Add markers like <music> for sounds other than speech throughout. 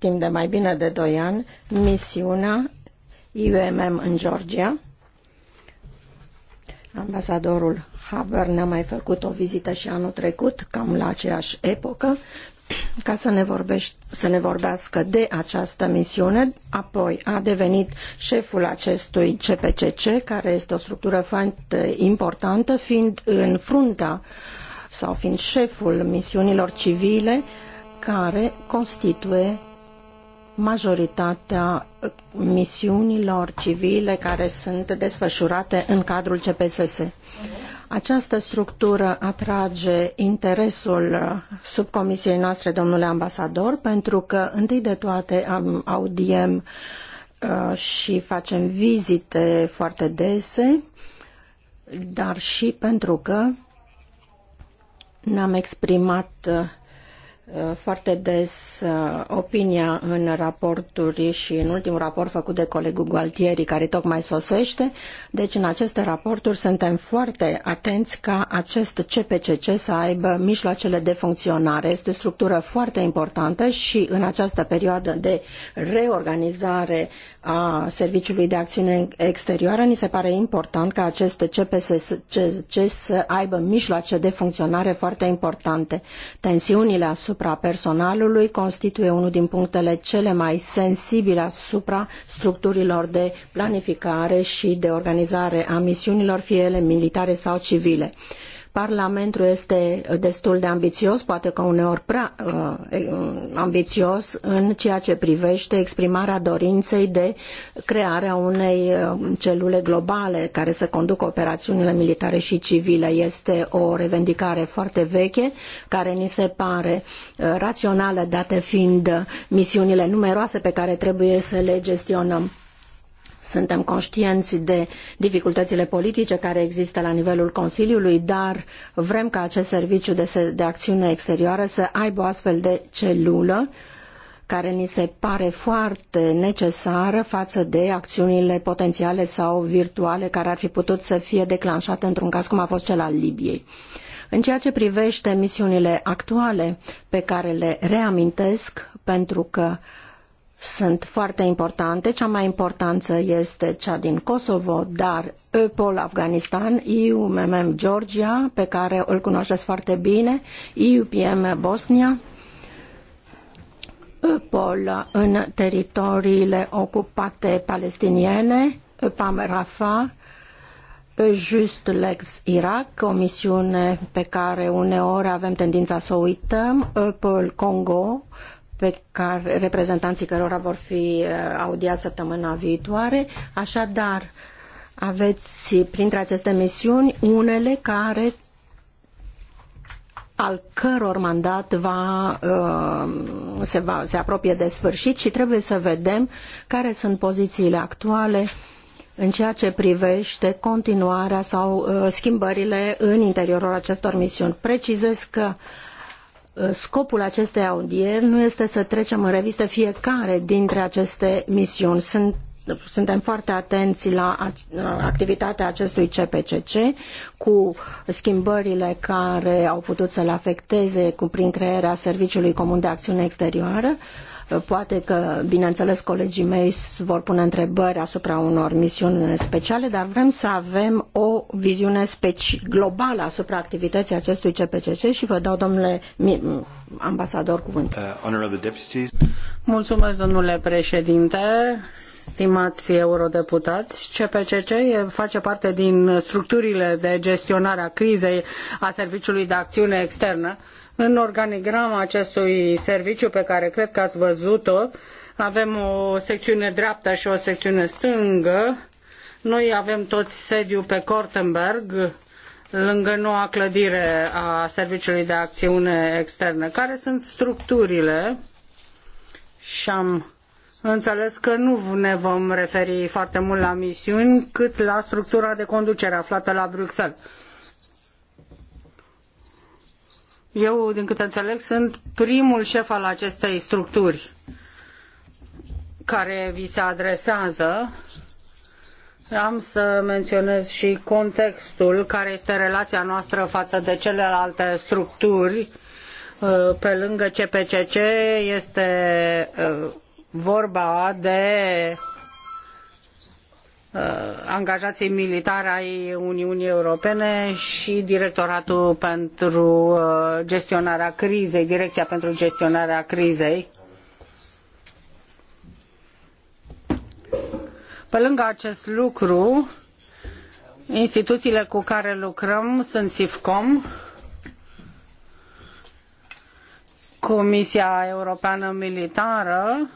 timp de mai bine de 2 ani misiunea IUMM în Georgia. Ambasadorul Haber ne-a mai făcut o vizită și anul trecut, cam la aceeași epocă, ca să ne, vorbești, să ne vorbească de această misiune. Apoi a devenit șeful acestui CPCC, care este o structură foarte importantă, fiind în frunta sau fiind șeful misiunilor civile care constituie majoritatea misiunilor civile care sunt desfășurate în cadrul CPSS. Această structură atrage interesul subcomisiei noastre, domnule ambasador, pentru că, întâi de toate, am, audiem uh, și facem vizite foarte dese, dar și pentru că ne-am exprimat uh, Uh, foarte des uh, opinia în raporturi și în ultimul raport făcut de colegul Gualtieri care tocmai sosește. Deci în aceste raporturi suntem foarte atenți ca acest CPCC să aibă mijloacele de funcționare. Este o structură foarte importantă și în această perioadă de reorganizare a Serviciului de Acțiune Exterioară, ni se pare important ca aceste CPSC să aibă mijloace de funcționare foarte importante. Tensiunile asupra personalului constituie unul din punctele cele mai sensibile asupra structurilor de planificare și de organizare a misiunilor, fie ele militare sau civile. Parlamentul este destul de ambițios, poate că uneori prea uh, uh, ambițios în ceea ce privește exprimarea dorinței de crearea unei uh, celule globale care să conducă operațiunile militare și civile. Este o revendicare foarte veche care ni se pare uh, rațională date fiind misiunile numeroase pe care trebuie să le gestionăm suntem conștienți de dificultățile politice care există la nivelul Consiliului, dar vrem ca acest serviciu de, de acțiune exterioară să aibă o astfel de celulă care ni se pare foarte necesară față de acțiunile potențiale sau virtuale care ar fi putut să fie declanșate într-un caz cum a fost cel al Libiei. În ceea ce privește misiunile actuale pe care le reamintesc, pentru că sunt foarte importante. Cea mai importantă este cea din Kosovo, dar EUPOL Afganistan, EUMM Georgia, pe care îl cunoașteți foarte bine, EUPM Bosnia, EUPOL în teritoriile ocupate palestiniene, EUPAM Rafah, Just Lex Irak, o misiune pe care uneori avem tendința să o uităm, EUPOL Congo, pe care reprezentanții cărora vor fi uh, audiați săptămâna viitoare. Așadar, aveți printre aceste misiuni unele care al căror mandat va, uh, se, va, se apropie de sfârșit și trebuie să vedem care sunt pozițiile actuale în ceea ce privește continuarea sau uh, schimbările în interiorul acestor misiuni. Precizez că uh, Uh, scopul acestei audieri nu este să trecem în revistă fiecare dintre aceste misiuni. Sunt suntem foarte atenți la activitatea acestui CPCC cu schimbările care au putut să le afecteze cu, prin crearea Serviciului Comun de Acțiune Exterioară. Poate că, bineînțeles, colegii mei vor pune întrebări asupra unor misiuni speciale, dar vrem să avem o viziune globală asupra activității acestui CPCC și vă dau, domnule ambasador, cuvânt. Uh, Mulțumesc, domnule președinte, stimați eurodeputați. CPCC face parte din structurile de gestionare a crizei a Serviciului de Acțiune Externă. În organigrama acestui serviciu pe care cred că ați văzut-o, avem o secțiune dreaptă și o secțiune stângă. Noi avem toți sediu pe Cortenberg, lângă noua clădire a Serviciului de Acțiune Externă. Care sunt structurile? Și am Înțeles că nu ne vom referi foarte mult la misiuni, cât la structura de conducere aflată la Bruxelles. Eu, din câte înțeleg, sunt primul șef al acestei structuri care vi se adresează. Am să menționez și contextul care este relația noastră față de celelalte structuri. Uh, pe lângă CPCC este uh, vorba de Uh, angajații militari ai Uniunii Europene și Directoratul pentru uh, gestionarea crizei, Direcția pentru gestionarea crizei. Pe lângă acest lucru, instituțiile cu care lucrăm sunt SIFCOM, Comisia Europeană Militară,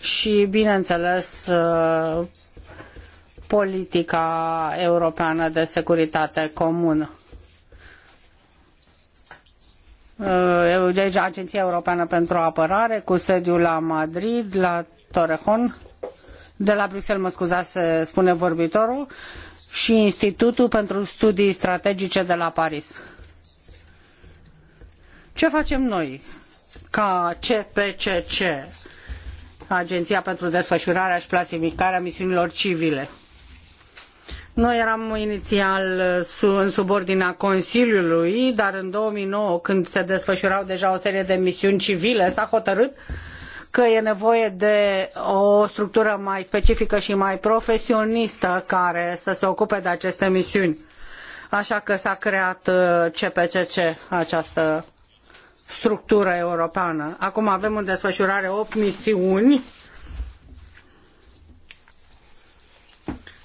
și, bineînțeles, uh, politica europeană de securitate comună. Uh, deci, Agenția Europeană pentru Apărare, cu sediu la Madrid, la Torrejon, de la Bruxelles, mă scuzați, se spune vorbitorul, și Institutul pentru Studii Strategice de la Paris. Ce facem noi ca CPCC? Agenția pentru desfășurarea și plasificarea misiunilor civile. Noi eram inițial în subordinea Consiliului, dar în 2009, când se desfășurau deja o serie de misiuni civile, s-a hotărât că e nevoie de o structură mai specifică și mai profesionistă care să se ocupe de aceste misiuni. Așa că s-a creat CPCC, uh, această structură europeană. Acum avem în desfășurare 8 misiuni.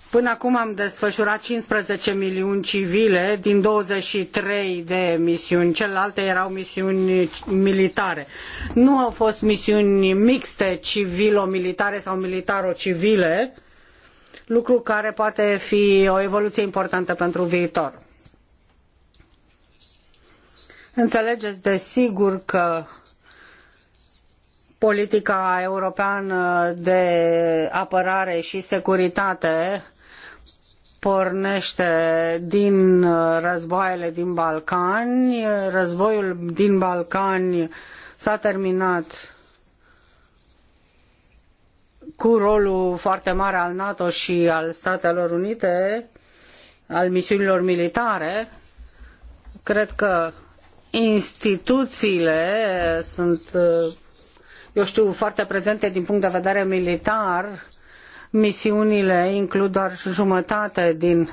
Până acum am desfășurat 15 miliuni civile din 23 de misiuni, celelalte erau misiuni militare. Nu au fost misiuni mixte civilo-militare sau militaro-civile, lucru care poate fi o evoluție importantă pentru viitor. Înțelegeți desigur că politica europeană de apărare și securitate pornește din războaiele din Balcani. Războiul din Balcani s-a terminat cu rolul foarte mare al NATO și al Statelor Unite, al misiunilor militare. Cred că instituțiile sunt, eu știu, foarte prezente din punct de vedere militar. Misiunile includ doar jumătate din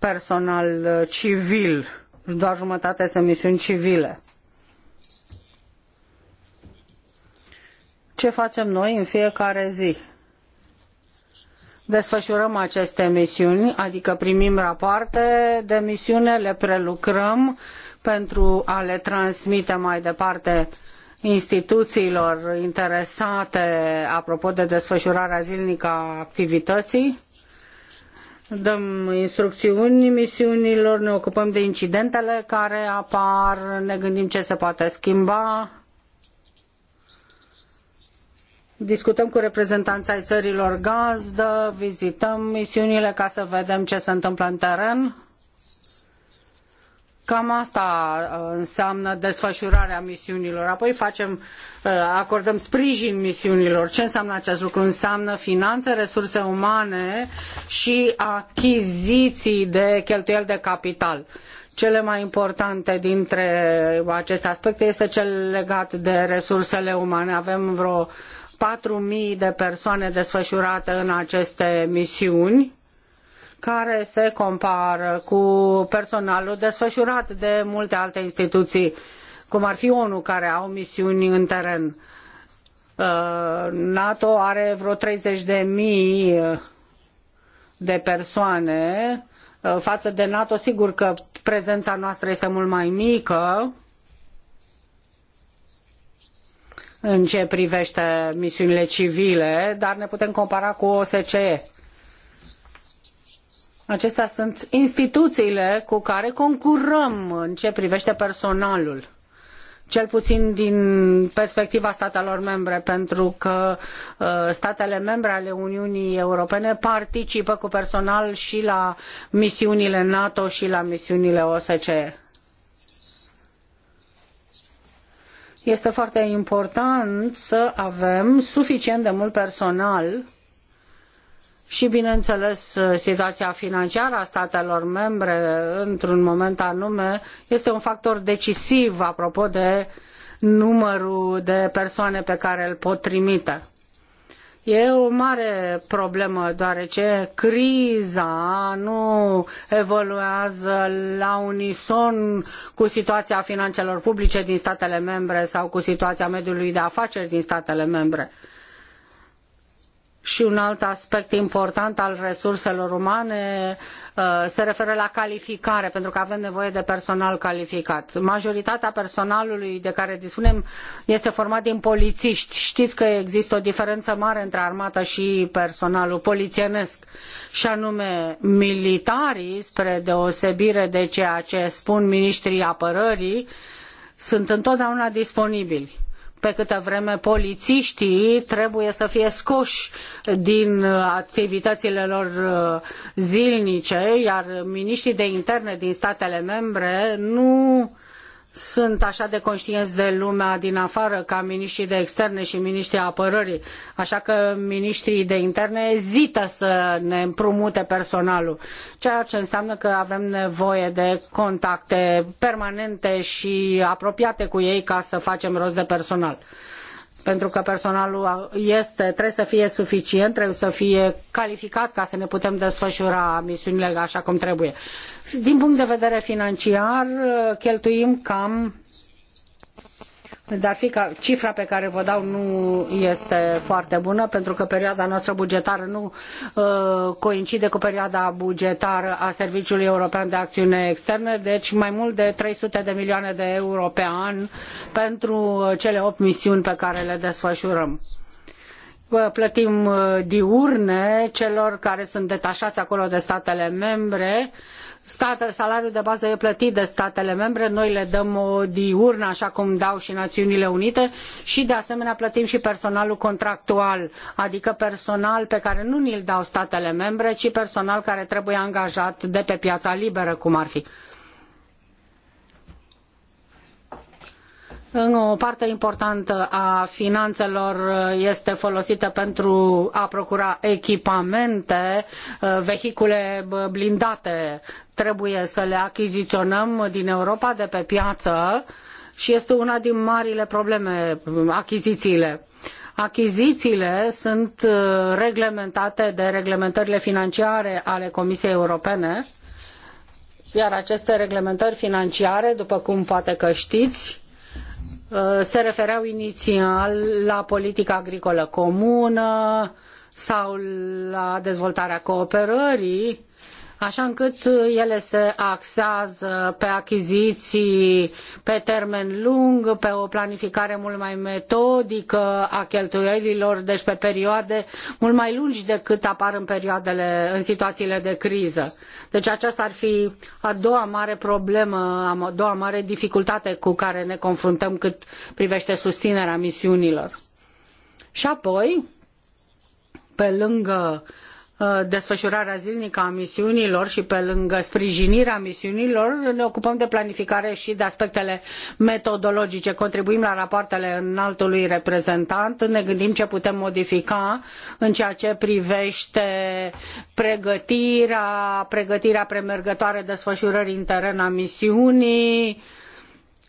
personal civil, doar jumătate sunt misiuni civile. Ce facem noi în fiecare zi? desfășurăm aceste misiuni, adică primim rapoarte de misiune, le prelucrăm pentru a le transmite mai departe instituțiilor interesate apropo de desfășurarea zilnică a activității. Dăm instrucțiuni misiunilor, ne ocupăm de incidentele care apar, ne gândim ce se poate schimba, discutăm cu reprezentanța ai țărilor gazdă, vizităm misiunile ca să vedem ce se întâmplă în teren Cam asta uh, înseamnă desfășurarea misiunilor. Apoi facem, uh, acordăm sprijin misiunilor. Ce înseamnă acest lucru? Înseamnă finanțe, resurse umane și achiziții de cheltuieli de capital. Cele mai importante dintre aceste aspecte este cel legat de resursele umane. Avem vreo 4.000 de persoane desfășurate în aceste misiuni care se compară cu personalul desfășurat de multe alte instituții, cum ar fi ONU, care au misiuni în teren. Uh, NATO are vreo 30 de mii uh, de persoane. Uh, față de NATO, sigur că prezența noastră este mult mai mică în ce privește misiunile civile, dar ne putem compara cu OSCE Acestea sunt instituțiile cu care concurăm în ce privește personalul cel puțin din perspectiva statelor membre, pentru că uh, statele membre ale Uniunii Europene participă cu personal și la misiunile NATO și la misiunile OSCE. Este foarte important să avem suficient de mult personal și, bineînțeles, situația financiară a statelor membre într-un moment anume este un factor decisiv apropo de numărul de persoane pe care îl pot trimite. E o mare problemă, deoarece criza nu evoluează la unison cu situația finanțelor publice din statele membre sau cu situația mediului de afaceri din statele membre și un alt aspect important al resurselor umane uh, se referă la calificare, pentru că avem nevoie de personal calificat. Majoritatea personalului de care dispunem este format din polițiști. Știți că există o diferență mare între armată și personalul polițienesc, și anume militarii, spre deosebire de ceea ce spun ministrii apărării, sunt întotdeauna disponibili pe câtă vreme polițiștii trebuie să fie scoși din activitățile lor uh, zilnice, iar miniștrii de interne din statele membre nu uh, sunt așa de conștienți de lumea din afară ca miniștrii de externe și miniștrii apărării, așa că miniștrii de interne ezită să ne împrumute personalul, ceea ce înseamnă că avem nevoie de contacte permanente și apropiate cu ei ca să facem rost de personal pentru că personalul este, trebuie să fie suficient, trebuie să fie calificat ca să ne putem desfășura misiunile așa cum trebuie. Din punct de vedere financiar, cheltuim cam dar fi ca cifra pe care vă dau nu este foarte bună, pentru că perioada noastră bugetară nu uh, coincide cu perioada bugetară a Serviciului European de Acțiune Externă, deci mai mult de 300 de milioane de euro pe an pentru uh, cele opt misiuni pe care le desfășurăm plătim uh, diurne celor care sunt detașați acolo de statele membre state, salariul de bază e plătit de statele membre, noi le dăm o diurnă, așa cum dau și Națiunile Unite și de asemenea plătim și personalul contractual, adică personal pe care nu ni-l dau statele membre, ci personal care trebuie angajat de pe piața liberă, cum ar fi. O parte importantă a finanțelor uh, este folosită pentru a procura echipamente, uh, vehicule uh, blindate. Trebuie să le achiziționăm din Europa, de pe piață și este una din marile probleme, achizițiile. Achizițiile sunt reglementate de reglementările financiare ale Comisiei Europene, iar aceste reglementări financiare, după cum poate că știți, Uh, se refereau inițial la politica agricolă comună sau la dezvoltarea cooperării așa încât uh, ele se axează pe achiziții pe termen lung, pe o planificare mult mai metodică a cheltuielilor, deci pe perioade mult mai lungi decât apar în perioadele, în situațiile de criză. Deci aceasta ar fi a doua mare problemă, a doua mare dificultate cu care ne confruntăm cât privește susținerea misiunilor. Și apoi, pe lângă uh, Uh, desfășurarea zilnică a misiunilor și pe lângă sprijinirea misiunilor ne ocupăm de planificare și de aspectele metodologice. Contribuim la rapoartele înaltului reprezentant, ne gândim ce putem modifica în ceea ce privește pregătirea, pregătirea premergătoare desfășurării în teren a misiunii.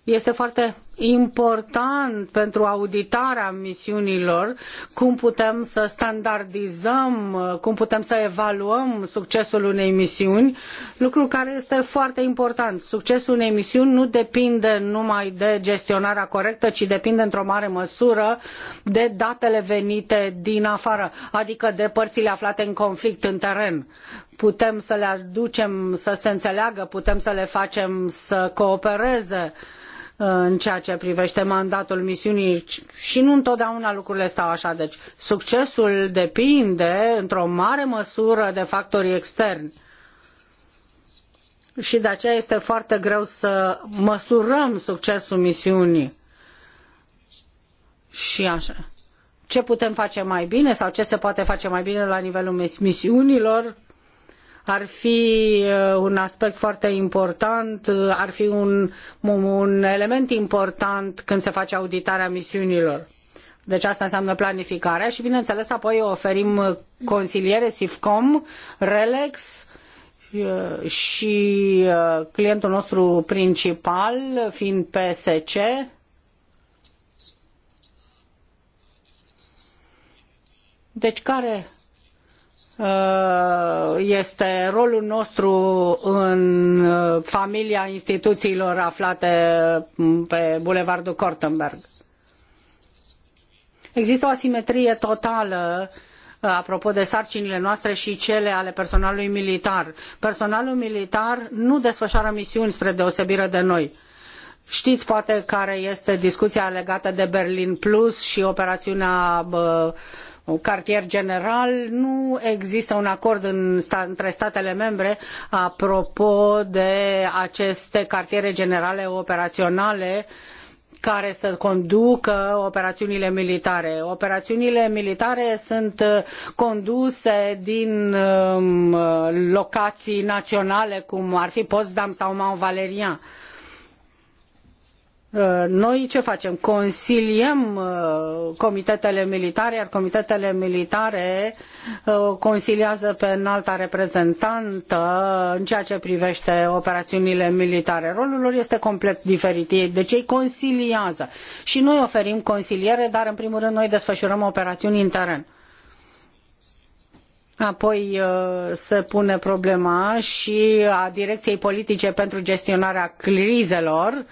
Este foarte important pentru auditarea misiunilor, cum putem să standardizăm, cum putem să evaluăm succesul unei misiuni, lucru care este foarte important. Succesul unei misiuni nu depinde numai de gestionarea corectă, ci depinde într-o mare măsură de datele venite din afară, adică de părțile aflate în conflict în teren putem să le aducem să se înțeleagă, putem să le facem să coopereze. Uh, în ceea ce privește mandatul misiunii și nu întotdeauna lucrurile stau așa. Deci succesul depinde într-o mare măsură de factorii externi și de aceea este foarte greu să măsurăm succesul misiunii. Și așa. Ce putem face mai bine sau ce se poate face mai bine la nivelul misiunilor? ar fi uh, un aspect foarte important, uh, ar fi un, un element important când se face auditarea misiunilor. Deci asta înseamnă planificarea și, bineînțeles, apoi oferim consiliere SIFCOM, RELEX uh, și clientul nostru principal fiind PSC. Deci care Uh, este rolul nostru în uh, familia instituțiilor aflate mm, pe Bulevardul Kortenberg. Există o asimetrie totală uh, apropo de sarcinile noastre și cele ale personalului militar. Personalul militar nu desfășoară misiuni spre deosebire de noi Știți poate care este discuția legată de Berlin Plus și operațiunea cartier general. Nu există un acord în sta, între statele membre apropo de aceste cartiere generale operaționale care să conducă operațiunile militare. Operațiunile militare sunt uh, conduse din um, locații naționale, cum ar fi Potsdam sau Mount Valerian. Uh, Uh, noi ce facem? Consiliem uh, comitetele militare, iar comitetele militare uh, consiliază pe înalta reprezentantă în ceea ce privește operațiunile militare. Rolul lor este complet diferit. Deci ei consiliază. Și noi oferim consiliere, dar în primul rând noi desfășurăm operațiuni în teren. Apoi se pune problema și a Direcției Politice pentru Gestionarea Crizelor,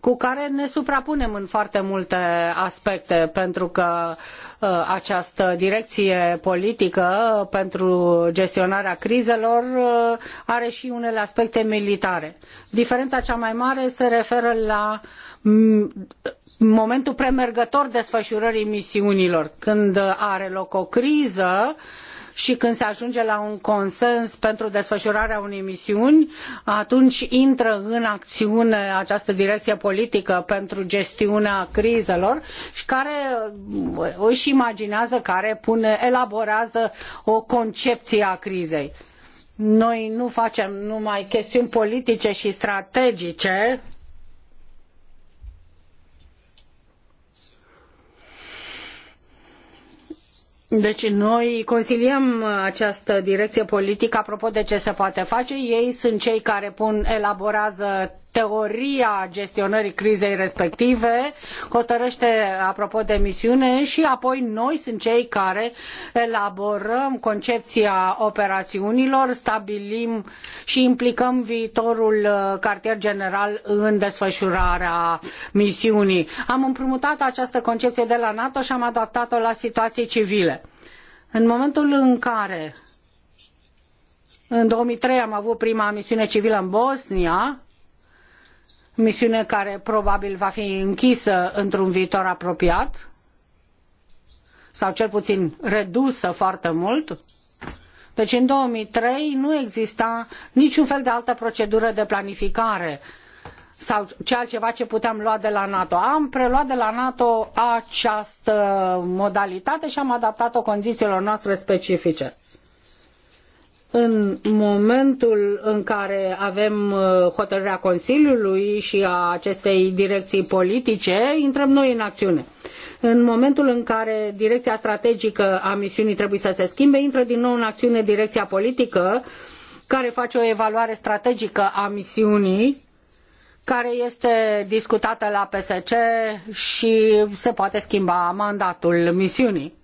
cu care ne suprapunem în foarte multe aspecte, pentru că uh, această direcție politică pentru gestionarea crizelor uh, are și unele aspecte militare. Diferența cea mai mare se referă la mm, momentul premergător desfășurării misiunilor. Când are loc o criză, și când se ajunge la un consens pentru desfășurarea unei misiuni, atunci intră în acțiune această direcție politică pentru gestiunea crizelor și care uh, își imaginează, care pune, elaborează o concepție a crizei. Noi nu facem numai chestiuni politice și strategice, Deci noi consiliem această direcție politică apropo de ce se poate face. Ei sunt cei care pun, elaborează teoria gestionării crizei respective, hotărăște apropo de misiune și apoi noi sunt cei care elaborăm concepția operațiunilor, stabilim și implicăm viitorul uh, cartier general în desfășurarea misiunii. Am împrumutat această concepție de la NATO și am adaptat-o la situații civile. În momentul în care în 2003 am avut prima misiune civilă în Bosnia, misiune care probabil va fi închisă într-un viitor apropiat sau cel puțin redusă foarte mult. Deci în 2003 nu exista niciun fel de altă procedură de planificare sau ce altceva ce puteam lua de la NATO. Am preluat de la NATO această modalitate și am adaptat-o condițiilor noastre specifice în momentul în care avem uh, hotărârea Consiliului și a acestei direcții politice, intrăm noi în acțiune. În momentul în care direcția strategică a misiunii trebuie să se schimbe, intră din nou în acțiune direcția politică, care face o evaluare strategică a misiunii, care este discutată la PSC și se poate schimba mandatul misiunii.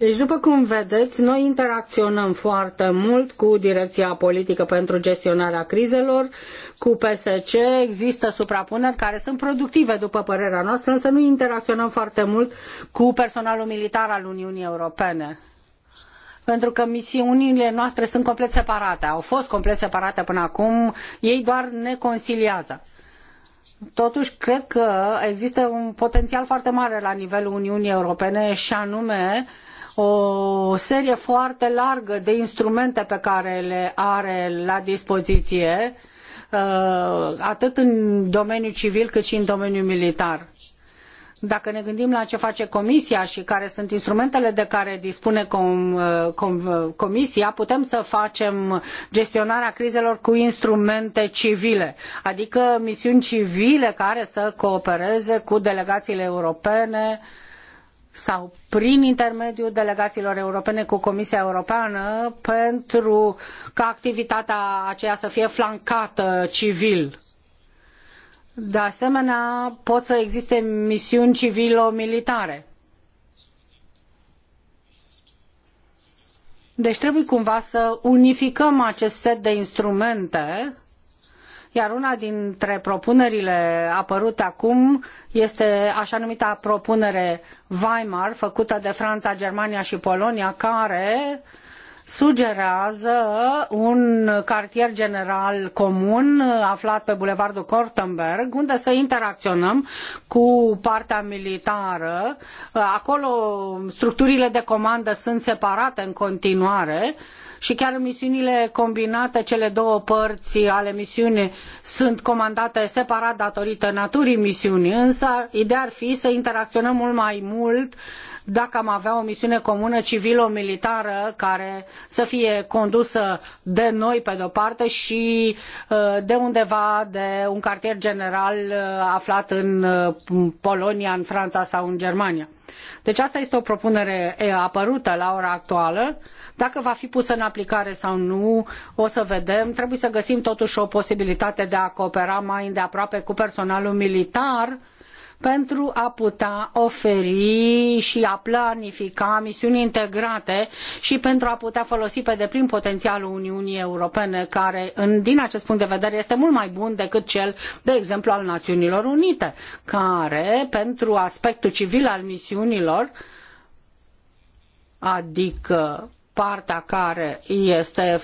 Deci, după cum vedeți, noi interacționăm foarte mult cu Direcția Politică pentru Gestionarea Crizelor, cu PSC, există suprapuneri care sunt productive, după părerea noastră, însă nu interacționăm foarte mult cu personalul militar al Uniunii Europene pentru că misiunile noastre sunt complet separate, au fost complet separate până acum, ei doar ne conciliază. Totuși, cred că există un potențial foarte mare la nivelul Uniunii Europene și anume uh, o serie foarte largă de instrumente pe care le are la dispoziție, uh, atât în domeniul civil cât și în domeniul militar. Dacă ne gândim la ce face Comisia și care sunt instrumentele de care dispune com, uh, com, uh, Comisia, putem să facem gestionarea crizelor cu instrumente civile, adică misiuni civile care să coopereze cu delegațiile europene uh, sau prin intermediul delegațiilor europene cu Comisia Europeană pentru ca activitatea aceea să fie flancată civil. De asemenea, pot să existe misiuni civilo-militare. Deci trebuie cumva să unificăm acest set de instrumente iar una dintre propunerile apărute acum este așa numita propunere Weimar, făcută de Franța, Germania și Polonia, care sugerează un cartier general comun uh, aflat pe Bulevardul Kortenberg, unde să interacționăm cu partea militară. Uh, acolo structurile de comandă sunt separate în continuare și chiar în misiunile combinate, cele două părți ale misiunii sunt comandate separat datorită naturii misiunii, însă ideea ar fi să interacționăm mult mai mult dacă am avea o misiune comună civilo-militară care să fie condusă de noi pe de-o parte și uh, de undeva de un cartier general uh, aflat în uh, Polonia, în Franța sau în Germania. Deci asta este o propunere apărută la ora actuală. Dacă va fi pusă în aplicare sau nu, o să vedem. Trebuie să găsim totuși o posibilitate de a coopera mai îndeaproape cu personalul militar uh, pentru a putea oferi și a planifica misiuni integrate și pentru a putea folosi pe deplin potențialul Uniunii Europene, care în, din acest punct de vedere este mult mai bun decât cel, de exemplu, al Națiunilor Unite, care pentru aspectul civil al misiunilor adică partea care este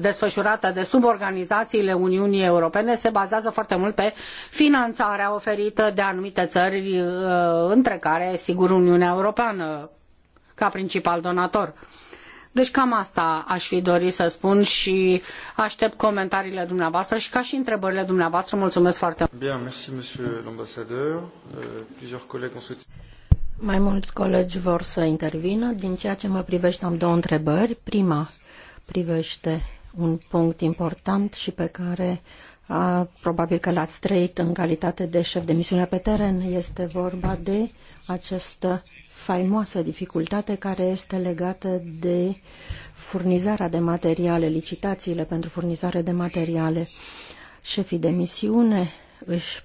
desfășurată de suborganizațiile Uniunii Europene se bazează foarte mult pe finanțarea oferită de anumite țări, uh, între care, sigur, Uniunea Europeană ca principal donator. Deci cam asta aș fi dorit să spun și aștept comentariile dumneavoastră și ca și întrebările dumneavoastră. Mulțumesc foarte mult. Bien, merci, mai mulți colegi vor să intervină. Din ceea ce mă privește, am două întrebări. Prima privește un punct important și pe care a, probabil că l-ați trăit în calitate de șef de misiune pe teren. Este vorba de această faimoasă dificultate care este legată de furnizarea de materiale, licitațiile pentru furnizare de materiale. Șefii de misiune își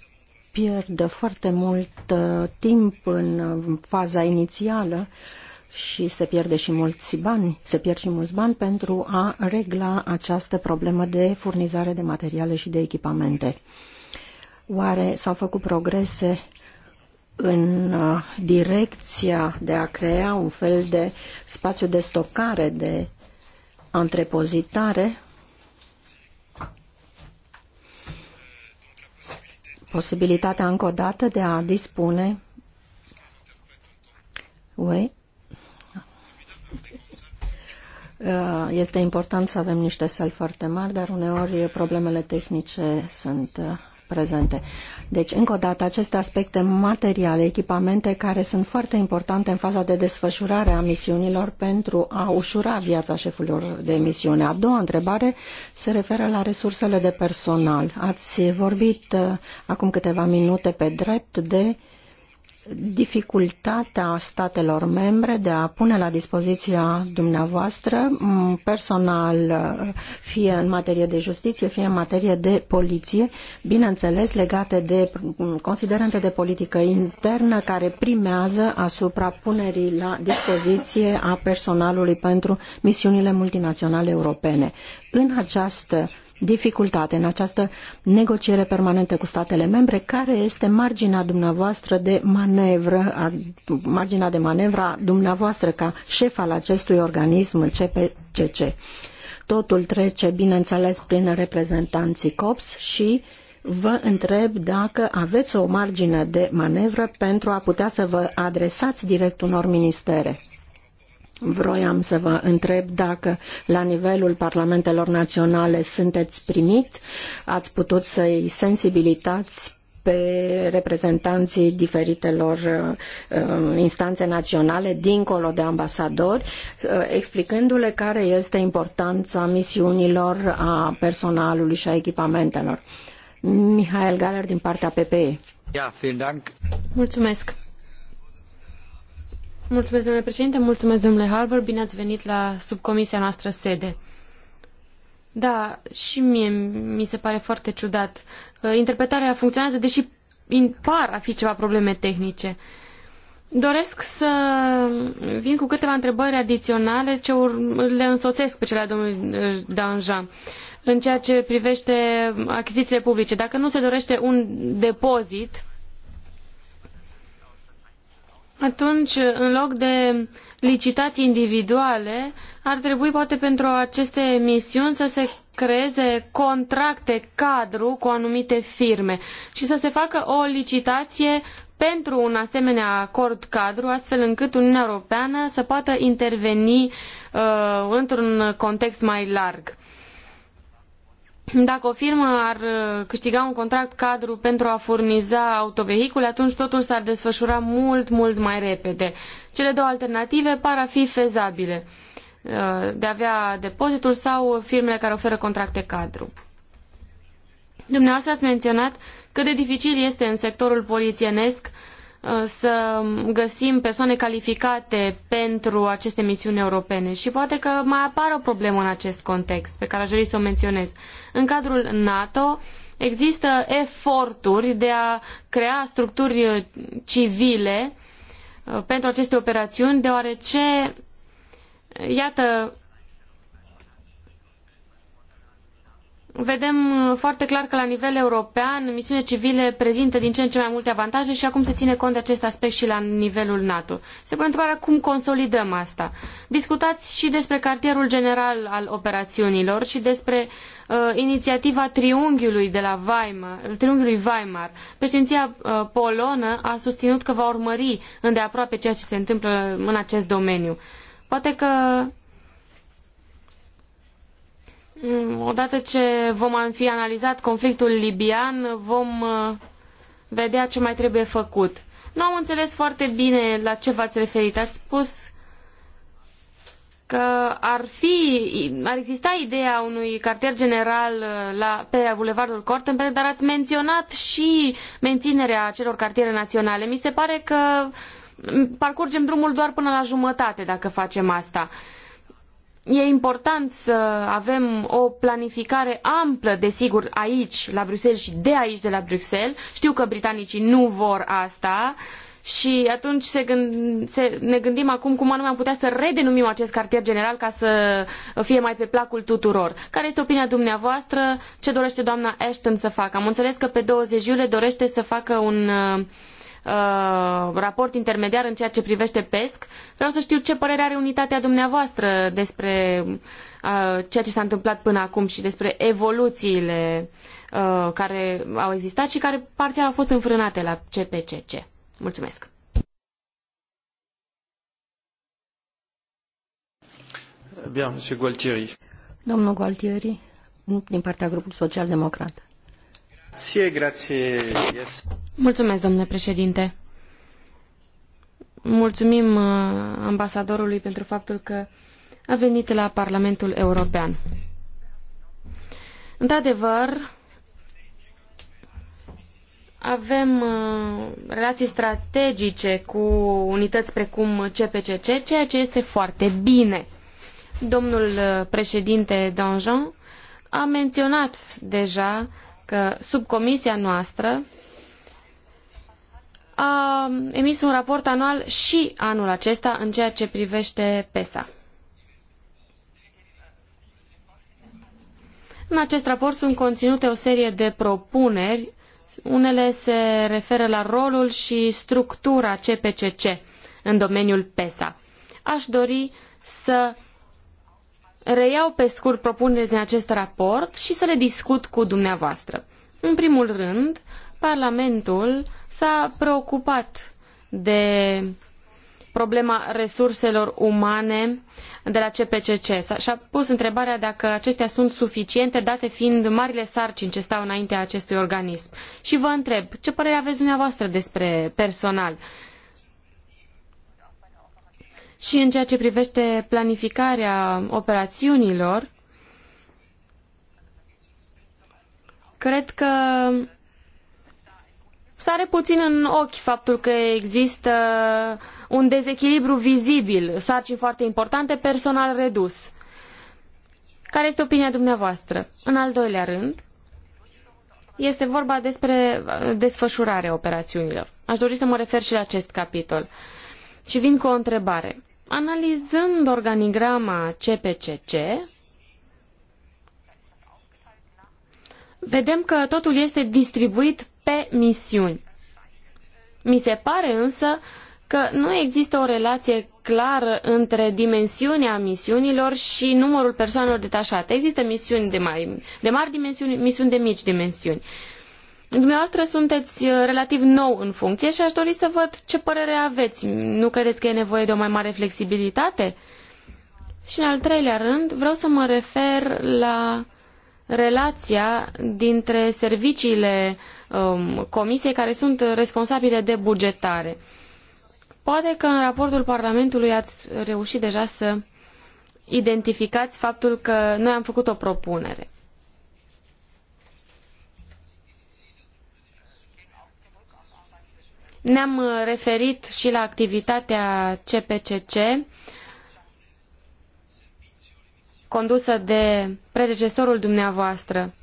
pierdă foarte mult uh, timp în uh, faza inițială și se pierde și mulți bani, se pierd și mulți bani pentru a regla această problemă de furnizare de materiale și de echipamente. Oare s-au făcut progrese în uh, direcția de a crea un fel de spațiu de stocare, de antrepozitare posibilitatea încă o dată de a dispune UE. Uh, este important să avem niște săli foarte mari, dar uneori problemele tehnice sunt uh, prezente. Deci, încă o dată, aceste aspecte materiale, echipamente care sunt foarte importante în faza de desfășurare a misiunilor pentru a ușura viața șefurilor de misiune. A doua întrebare se referă la resursele de personal. Ați vorbit uh, acum câteva minute pe drept de uh, dificultatea statelor membre de a pune la dispoziția dumneavoastră personal, fie în materie de justiție, fie în materie de poliție, bineînțeles legate de considerente de politică internă care primează asupra punerii la dispoziție a personalului pentru misiunile multinaționale europene. În această dificultate în această negociere permanentă cu statele membre, care este marginea dumneavoastră de manevră, a, marginea de manevră a dumneavoastră ca șef al acestui organism CPCC. Totul trece, bineînțeles, prin reprezentanții COPS și vă întreb dacă aveți o margine de manevră pentru a putea să vă adresați direct unor ministere. Vroiam să vă întreb dacă la nivelul parlamentelor naționale sunteți primit, ați putut să-i sensibilitați pe reprezentanții diferitelor uh, uh, instanțe naționale, dincolo de ambasadori, uh, explicându-le care este importanța misiunilor, a personalului și a echipamentelor. Mihail Galer din partea PPE. Mulțumesc domnule președinte, domnule bine ați venit la subcomisia noastră sede. Da, și mie mi se pare foarte ciudat. Uh, interpretarea funcționează, deși par a fi ceva probleme tehnice. Doresc să vin cu câteva întrebări adiționale ce le însoțesc pe cele ale domnului uh, Danjean în ceea ce privește achizițiile publice. Dacă nu se dorește un depozit atunci, în loc de licitații individuale, ar trebui poate pentru aceste misiuni să se creeze contracte cadru cu anumite firme și să se facă o licitație pentru un asemenea acord cadru, astfel încât Uniunea Europeană să poată interveni uh, într-un context mai larg. Dacă o firmă ar uh, câștiga un contract cadru pentru a furniza autovehicule, atunci totul s-ar desfășura mult, mult mai repede. Cele două alternative par a fi fezabile uh, de a avea depozitul sau firmele care oferă contracte cadru. Dumneavoastră ați menționat cât de dificil este în sectorul polițienesc uh, Uh, să găsim persoane calificate pentru aceste misiuni europene și poate că mai apare o problemă în acest context pe care aș dori să o menționez. În cadrul NATO există eforturi de a crea structuri civile uh, pentru aceste operațiuni, deoarece, iată, vedem uh, foarte clar că la nivel european misiunile civile prezintă din ce în ce mai multe avantaje și acum se ține cont de acest aspect și la nivelul NATO. Se pune întrebarea cum consolidăm asta. Discutați și despre cartierul general al operațiunilor și despre uh, inițiativa triunghiului de la Weimar, triunghiului Weimar. Președinția uh, polonă a susținut că va urmări îndeaproape ceea ce se întâmplă în acest domeniu. Poate că Mm, odată ce vom fi analizat conflictul libian, vom uh, vedea ce mai trebuie făcut. Nu am înțeles foarte bine la ce v-ați referit. Ați spus că ar fi, ar exista ideea unui cartier general uh, la, pe Bulevardul Cortenberg, dar ați menționat și menținerea celor cartiere naționale. Mi se pare că mm, parcurgem drumul doar până la jumătate dacă facem asta. Uh, E important să avem o planificare amplă, desigur, aici, la Bruxelles și de aici, de la Bruxelles. Știu că britanicii nu vor asta și atunci se gând, se, ne gândim acum cum anume am putea să redenumim acest cartier general ca să fie mai pe placul tuturor. Care este opinia dumneavoastră? Ce dorește doamna Ashton să facă? Am înțeles că pe 20 iulie dorește să facă un uh, Uh, raport intermediar în ceea ce privește PESC. Vreau să știu ce părere are unitatea dumneavoastră despre uh, ceea ce s-a întâmplat până acum și despre evoluțiile uh, care au existat și care parțial au fost înfrânate la CPCC. Mulțumesc! Bine, Bien, Gualtieri. Domnul Gualtieri, din partea grupului social-democrat. Mulțumesc, domnule președinte. Mulțumim uh, ambasadorului pentru faptul că a venit la Parlamentul European. Într-adevăr, avem uh, relații strategice cu unități precum CPCC, ceea ce este foarte bine. Domnul uh, președinte Danjean a menționat deja că subcomisia noastră a emis un raport anual și anul acesta în ceea ce privește PESA. În acest raport sunt conținute o serie de propuneri. Unele se referă la rolul și structura CPCC în domeniul PESA. Aș dori să reiau pe scurt propunerile din acest raport și să le discut cu dumneavoastră. În primul rând, Parlamentul s-a preocupat de problema resurselor umane de la CPCC și a pus întrebarea dacă acestea sunt suficiente, date fiind marile sarcini ce stau înaintea acestui organism. Și vă întreb, ce părere aveți dumneavoastră despre personal? și în ceea ce privește planificarea operațiunilor, cred că sare puțin în ochi faptul că există un dezechilibru vizibil, sarcini foarte importante, personal redus. Care este opinia dumneavoastră? În al doilea rând, este vorba despre desfășurarea operațiunilor. Aș dori să mă refer și la acest capitol. Și vin cu o întrebare. Analizând organigrama CPCC, vedem că totul este distribuit pe misiuni. Mi se pare însă că nu există o relație clară între dimensiunea misiunilor și numărul persoanelor detașate. Există misiuni de mari, de mari dimensiuni, misiuni de mici dimensiuni. Uh, Dumneavoastră sunteți uh, relativ nou în funcție și aș dori să văd ce părere aveți. Nu credeți că e nevoie de o mai mare flexibilitate? Și în al treilea rând, vreau să mă refer la relația dintre serviciile um, comisiei care sunt responsabile de bugetare. Poate că în raportul Parlamentului ați reușit deja să identificați faptul că noi am făcut o propunere. Ne-am uh, referit și la activitatea CPCC condusă de predecesorul dumneavoastră.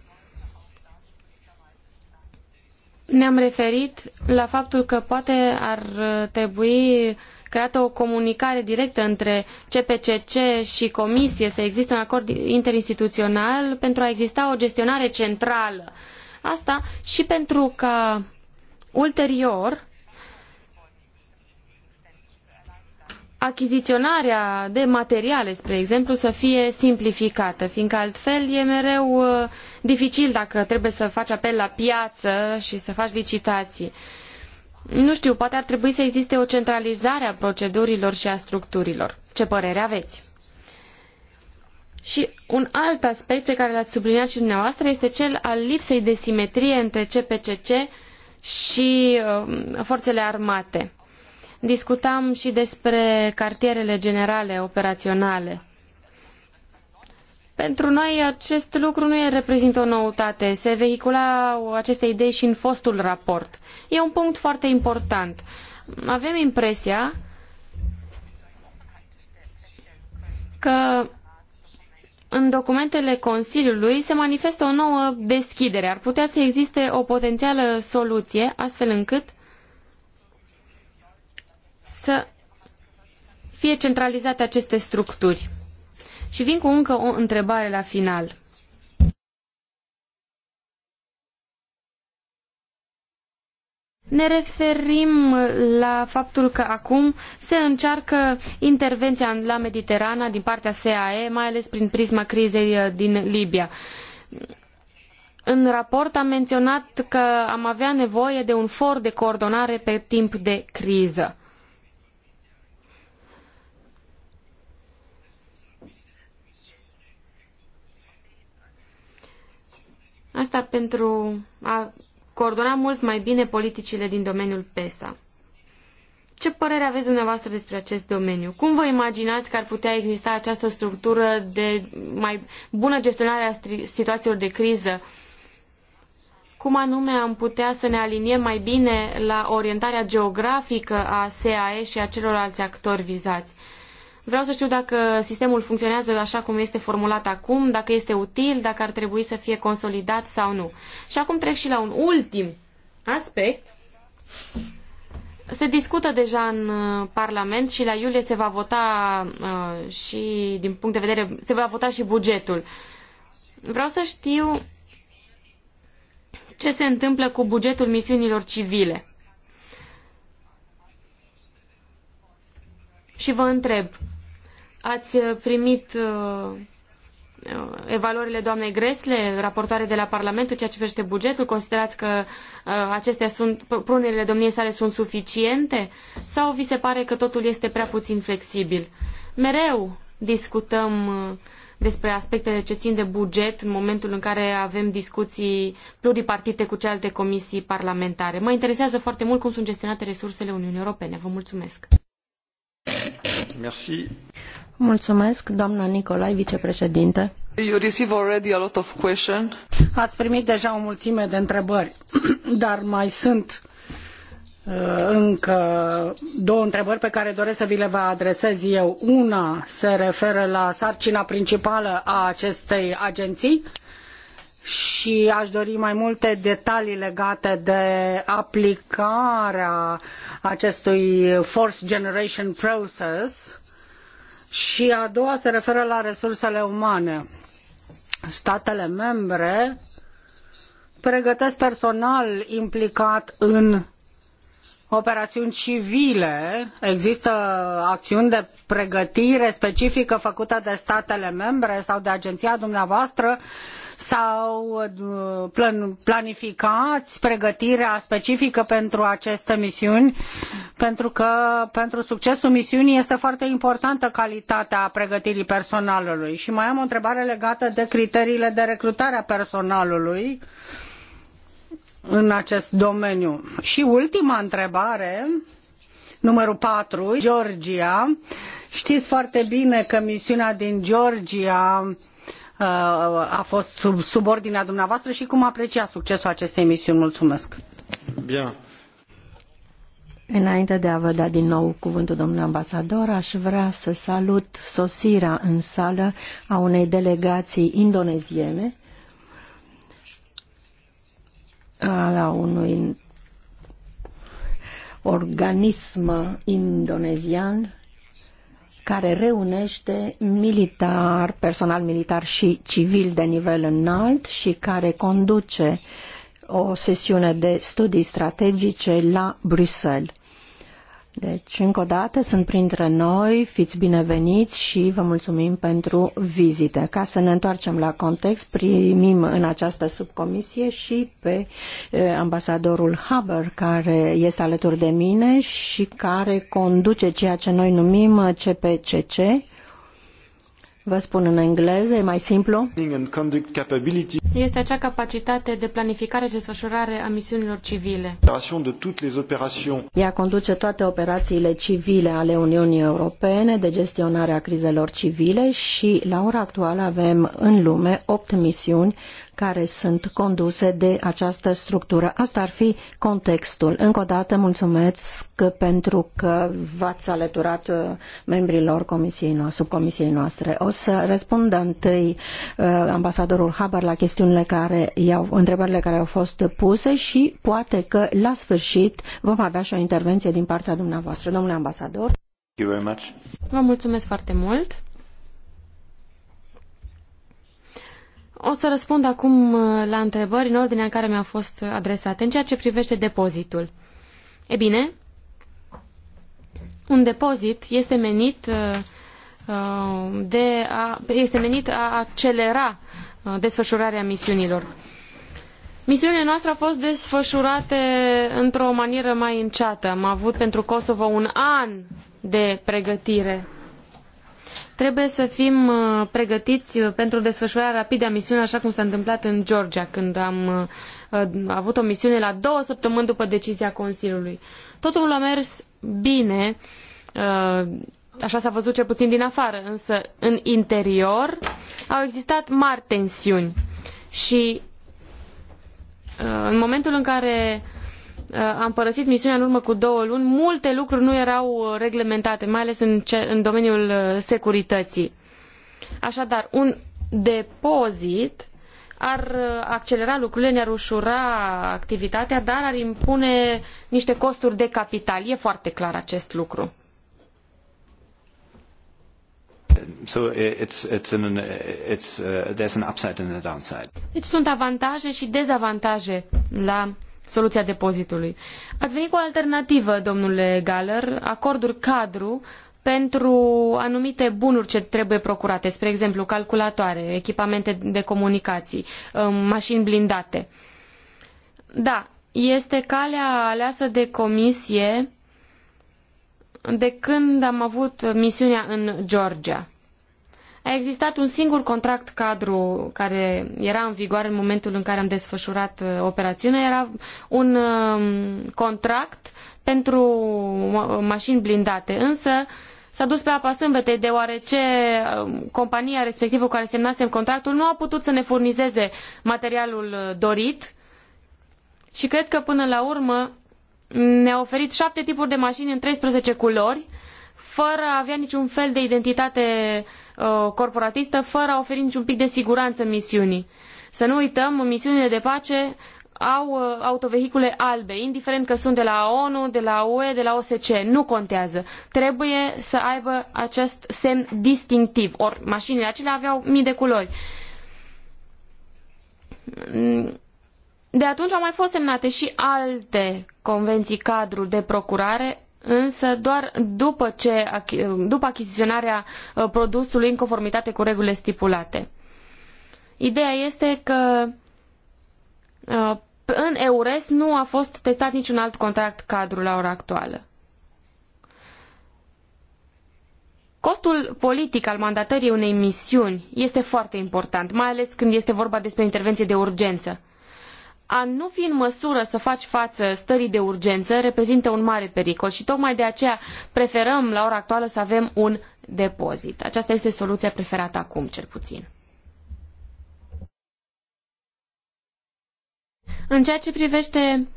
Ne-am referit la faptul că poate ar uh, trebui creată o comunicare directă între CPCC și Comisie, să existe un acord interinstituțional pentru a exista o gestionare centrală. Asta și pentru ca ulterior achiziționarea de materiale, spre exemplu, să fie simplificată, fiindcă altfel e mereu uh, dificil dacă trebuie să faci apel la piață și să faci licitații. Nu știu, poate ar trebui să existe o centralizare a procedurilor și a structurilor. Ce părere aveți? Și un alt aspect pe care l-ați subliniat și dumneavoastră este cel al lipsei de simetrie între CPCC și uh, forțele armate. Discutam și despre cartierele generale operaționale. Pentru noi acest lucru nu e, reprezintă o noutate. Se vehiculau aceste idei și în fostul raport. E un punct foarte important. Avem impresia că în documentele Consiliului se manifestă o nouă deschidere. Ar putea să existe o potențială soluție astfel încât să fie centralizate aceste structuri. Și vin cu încă o întrebare la final. Ne referim la faptul că acum se încearcă intervenția la Mediterana din partea SAE, mai ales prin prisma crizei uh, din Libia. În raport am menționat că am avea nevoie de un for de coordonare pe timp de criză. Asta pentru a coordona mult mai bine politicile din domeniul PESA. Ce părere aveți dumneavoastră despre acest domeniu? Cum vă imaginați că ar putea exista această structură de mai bună gestionare a situațiilor de criză? Cum anume am putea să ne aliniem mai bine la orientarea geografică a SAE și a celorlalți actori vizați? Vreau să știu dacă sistemul funcționează așa cum este formulat acum, dacă este util, dacă ar trebui să fie consolidat sau nu. Și acum trec și la un ultim aspect. Se discută deja în uh, Parlament și la iulie se va vota uh, și din punct de vedere se va vota și bugetul. Vreau să știu ce se întâmplă cu bugetul misiunilor civile. și vă întreb, ați primit uh, uh, evaluările doamnei Gresle, raportoare de la Parlament în ceea ce privește bugetul? Considerați că uh, acestea sunt, prunerile domniei sale sunt suficiente? Sau vi se pare că totul este prea puțin flexibil? Mereu discutăm uh, despre aspectele ce țin de buget în momentul în care avem discuții pluripartite cu celelalte comisii parlamentare. Mă interesează foarte mult cum sunt gestionate resursele Uniunii Europene. Vă mulțumesc! Mulțumesc, vicepreședinte. Ați primit deja o mulțime de întrebări, <clears throat> dar mai sunt uh, încă două întrebări pe care doresc să vi le vă adresez eu. Una se referă la sarcina principală a acestei agenții, și aș dori mai multe detalii legate de aplicarea acestui Force Generation Process. Și a doua se referă la resursele umane. Statele membre pregătesc personal implicat în operațiuni civile. Există acțiuni de pregătire specifică făcută de statele membre sau de agenția dumneavoastră sau uh, planificați pregătirea specifică pentru aceste misiuni, pentru că pentru succesul misiunii este foarte importantă calitatea pregătirii personalului. Și mai am o întrebare legată de criteriile de recrutare a personalului în acest domeniu. Și ultima întrebare, numărul patru, Georgia. Știți foarte bine că misiunea din Georgia Uh, a fost sub subordinea dumneavoastră și cum aprecia succesul acestei misiuni. Mulțumesc! Bine. Înainte de a vă da din nou cuvântul domnului ambasador, aș vrea să salut sosirea în sală a unei delegații indoneziene la unui organism indonezian care reunește militar, personal militar și civil de nivel înalt și care conduce o sesiune de studii strategice la Bruxelles. Deci, încă o dată, sunt printre noi, fiți bineveniți și vă mulțumim pentru vizite. Ca să ne întoarcem la context, primim în această subcomisie și pe eh, ambasadorul Haber, care este alături de mine și care conduce ceea ce noi numim CPCC, eh, Vă spun în engleză, e mai simplu. Este acea capacitate de planificare și desfășurare a misiunilor civile. Ea conduce toate operațiile civile ale Uniunii Europene de gestionare a crizelor civile și la ora actuală avem în lume opt misiuni care sunt conduse de această structură. Asta ar fi contextul. Încă o dată mulțumesc pentru că v-ați alăturat uh, membrilor comisiei noastre, subcomisiei noastre. O să răspundă întâi uh, ambasadorul Haber la chestiunile care i-au, întrebările care au fost puse și poate că la sfârșit vom avea și o intervenție din partea dumneavoastră. Domnule ambasador. Vă mulțumesc foarte mult. O să răspund acum uh, la întrebări în ordinea în care mi-au fost adresate, în ceea ce privește depozitul. E bine, un depozit este menit uh, uh, de a, este menit a accelera desfășurarea misiunilor. Misiunile noastre au fost desfășurate într-o manieră mai înceată. Am avut pentru Kosovo un an de pregătire Trebuie să fim uh, pregătiți uh, pentru desfășurarea rapidă a misiunii, așa cum s-a întâmplat în Georgia, când am uh, avut o misiune la două săptămâni după decizia Consiliului. Totul a mers bine, așa s-a văzut cel puțin din afară, însă în interior au existat mari tensiuni și în momentul în care Uh, am părăsit misiunea în urmă cu două luni, multe lucruri nu erau uh, reglementate, mai ales în, ce, în domeniul uh, securității. Așadar, un depozit ar accelera lucrurile, ne-ar ușura activitatea, dar ar impune niște costuri de capital. E foarte clar acest lucru. So it's, it's an, it's, uh, there's an upside and a downside. Deci sunt avantaje și dezavantaje la soluția depozitului. Ați venit cu o alternativă, domnule Galler, acorduri cadru pentru anumite bunuri ce trebuie procurate, spre exemplu calculatoare, echipamente de comunicații, um, mașini blindate. Da, este calea aleasă de comisie de când am avut misiunea în Georgia. A existat un singur contract cadru care era în vigoare în momentul în care am desfășurat uh, operațiunea. Era un um, contract pentru uh, mașini blindate, însă s-a dus pe apa sâmbetei, deoarece um, compania respectivă cu care semnasem contractul nu a putut să ne furnizeze materialul uh, dorit și cred că până la urmă ne-a oferit șapte tipuri de mașini în 13 culori, fără a avea niciun fel de identitate uh, Uh, corporatistă fără a oferi niciun pic de siguranță misiunii. Să nu uităm, misiunile de pace au uh, autovehicule albe, indiferent că sunt de la ONU, de la UE, de la OSCE, nu contează. Trebuie să aibă acest semn distinctiv. Ori mașinile acelea aveau mii de culori. De atunci au mai fost semnate și alte convenții cadru de procurare însă doar după, ce, după achiziționarea uh, produsului în conformitate cu regulile stipulate. Ideea este că uh, în EURES nu a fost testat niciun alt contract cadru la ora actuală. Costul politic al mandatării unei misiuni este foarte important, mai ales când este vorba despre intervenție de urgență a nu fi în măsură să faci față stării de urgență reprezintă un mare pericol și tocmai de aceea preferăm la ora actuală să avem un depozit. Aceasta este soluția preferată acum, cel puțin. În ceea ce privește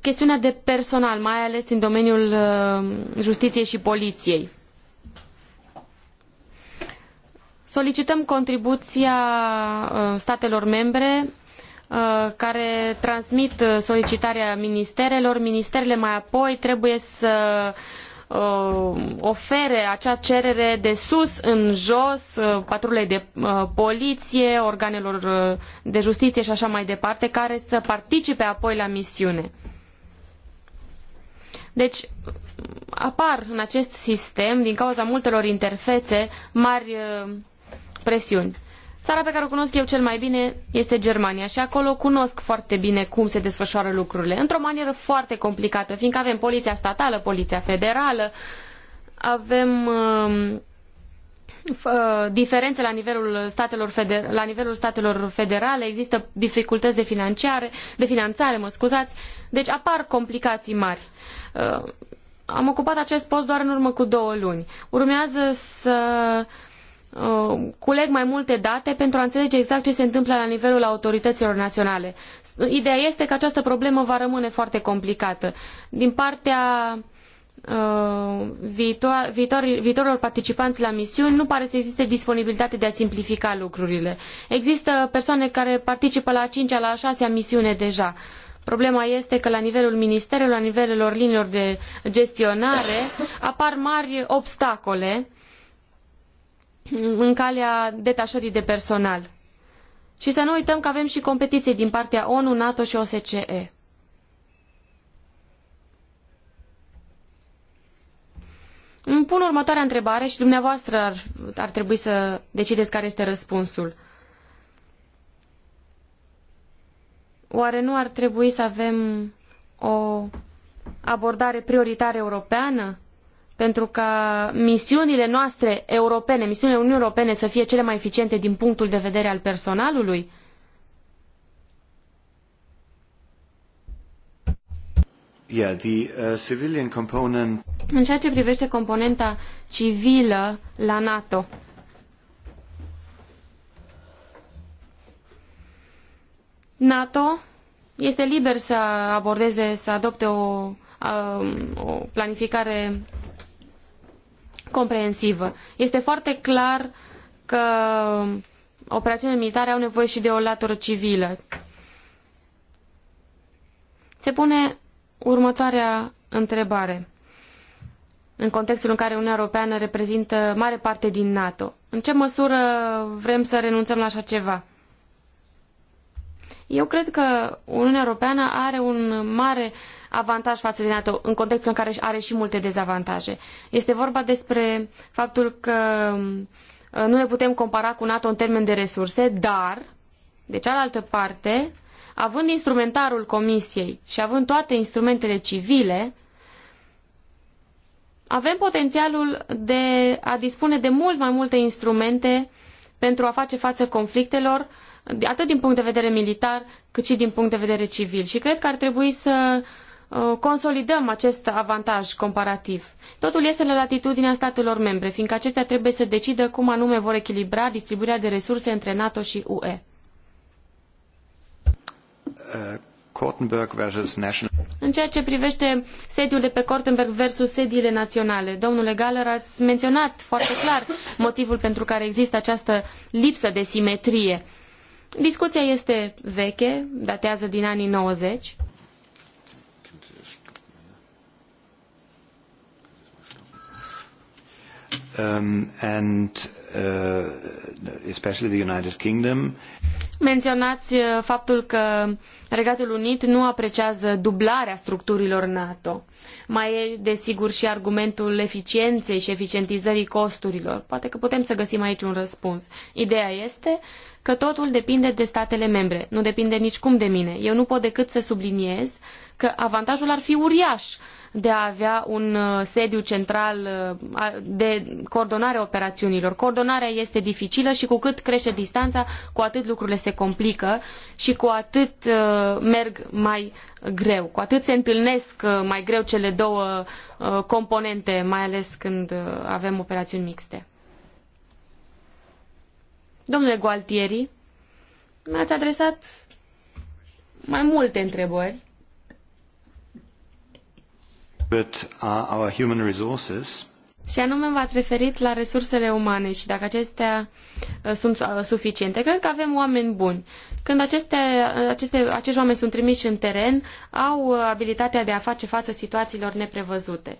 chestiunea de personal, mai ales în domeniul uh, justiției și poliției, solicităm contribuția uh, statelor membre Uh, care transmit uh, solicitarea ministerelor. Ministerele mai apoi trebuie să uh, ofere acea cerere de sus în jos patrulei de poliție, organelor de justiție și așa mai departe, care să participe apoi la misiune. Deci apar în acest sistem, din cauza multelor interfețe, mari presiuni. Țara pe care o cunosc eu cel mai bine este Germania și acolo cunosc foarte bine cum se desfășoară lucrurile, într-o manieră foarte complicată, fiindcă avem poliția statală, poliția federală, avem um, uh, diferențe la nivelul, statelor feder- la nivelul statelor federale, există dificultăți de, financiare, de finanțare, mă scuzați, deci apar complicații mari. Uh, am ocupat acest post doar în urmă cu două luni. Urmează să Uh, culeg mai multe date pentru a înțelege exact ce se întâmplă la nivelul autorităților naționale. Ideea este că această problemă va rămâne foarte complicată. Din partea uh, viitor, viitor, viitorilor participanți la misiuni nu pare să existe disponibilitate de a simplifica lucrurile. Există persoane care participă la a cincea, la a șasea misiune deja. Problema este că la nivelul ministerelor, la nivelul liniilor de gestionare apar mari obstacole <clears throat> în calea detașării de personal. Și să nu uităm că avem și competiții din partea ONU, NATO și OSCE. Îmi pun următoarea întrebare și dumneavoastră ar, ar trebui să decideți care este răspunsul. Oare nu ar trebui să avem o abordare prioritară europeană? pentru ca misiunile noastre europene, misiunile Uniunii Europene să fie cele mai eficiente din punctul de vedere al personalului? Yeah, the, uh, civilian component... În ceea ce privește componenta civilă la NATO, NATO este liber să abordeze, să adopte o, um, o planificare comprehensivă. Este foarte clar că operațiunile militare au nevoie și de o latură civilă. Se pune următoarea întrebare în contextul în care Uniunea Europeană reprezintă mare parte din NATO. În ce măsură vrem să renunțăm la așa ceva? Eu cred că Uniunea Europeană are un mare avantaj față de NATO în contextul în care are și multe dezavantaje. Este vorba despre faptul că uh, nu ne putem compara cu NATO în termen de resurse, dar, de cealaltă parte, având instrumentarul Comisiei și având toate instrumentele civile, avem potențialul de a dispune de mult mai multe instrumente pentru a face față conflictelor, atât din punct de vedere militar, cât și din punct de vedere civil. Și cred că ar trebui să Uh, consolidăm acest avantaj comparativ. Totul este la latitudinea statelor membre, fiindcă acestea trebuie să decidă cum anume vor echilibra distribuirea de resurse între NATO și UE. Uh, În ceea ce privește sediul de pe Kortenberg versus sediile naționale, domnule Galler, ați menționat foarte clar motivul pentru care există această lipsă de simetrie. Discuția este veche, datează din anii 90 um, and uh, especially the United Kingdom. Menționați uh, faptul că Regatul Unit nu apreciază dublarea structurilor NATO. Mai e, desigur, și argumentul eficienței și eficientizării costurilor. Poate că putem să găsim aici un răspuns. Ideea este că totul depinde de statele membre, nu depinde nicicum de mine. Eu nu pot decât să subliniez că avantajul ar fi uriaș de a avea un uh, sediu central uh, de coordonare a operațiunilor. Coordonarea este dificilă și cu cât crește distanța, cu atât lucrurile se complică și cu atât uh, merg mai greu, cu atât se întâlnesc mai greu cele două componente, mai ales când avem operațiuni mixte. Domnule Gualtieri, mi-ați adresat mai multe întrebări. But uh, our human resources și anume v-ați referit la resursele umane și dacă acestea uh, sunt uh, suficiente. Cred că avem oameni buni. Când aceste, aceste, acești oameni sunt trimiși în teren, au abilitatea de a face față situațiilor neprevăzute.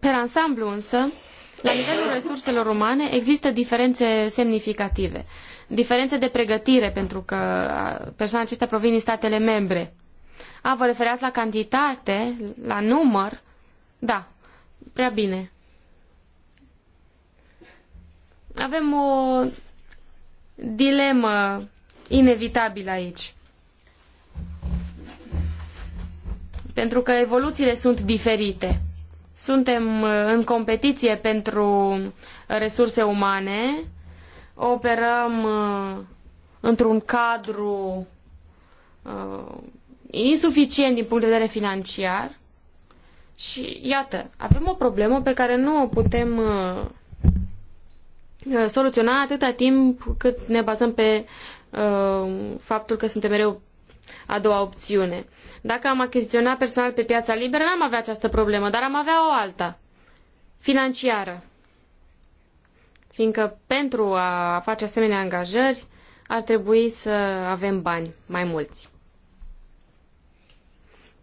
Per ansamblu însă, la nivelul resurselor umane există diferențe semnificative. Uh, diferențe de pregătire, pentru că persoanele acestea provin din statele membre. A, vă refereați la cantitate, la număr? Da, prea bine. Avem o dilemă inevitabilă aici. Pentru că evoluțiile sunt diferite. Suntem uh, în competiție pentru resurse umane, operăm uh, într-un cadru uh, insuficient din punct de vedere financiar și iată, avem o problemă pe care nu o putem uh, uh soluționa atâta timp cât ne bazăm pe uh, faptul că suntem mereu a doua opțiune. Dacă am achiziționa personal pe piața liberă, n-am avea această problemă, dar am avea o alta, financiară fiindcă pentru a face asemenea angajări ar trebui să avem bani mai mulți.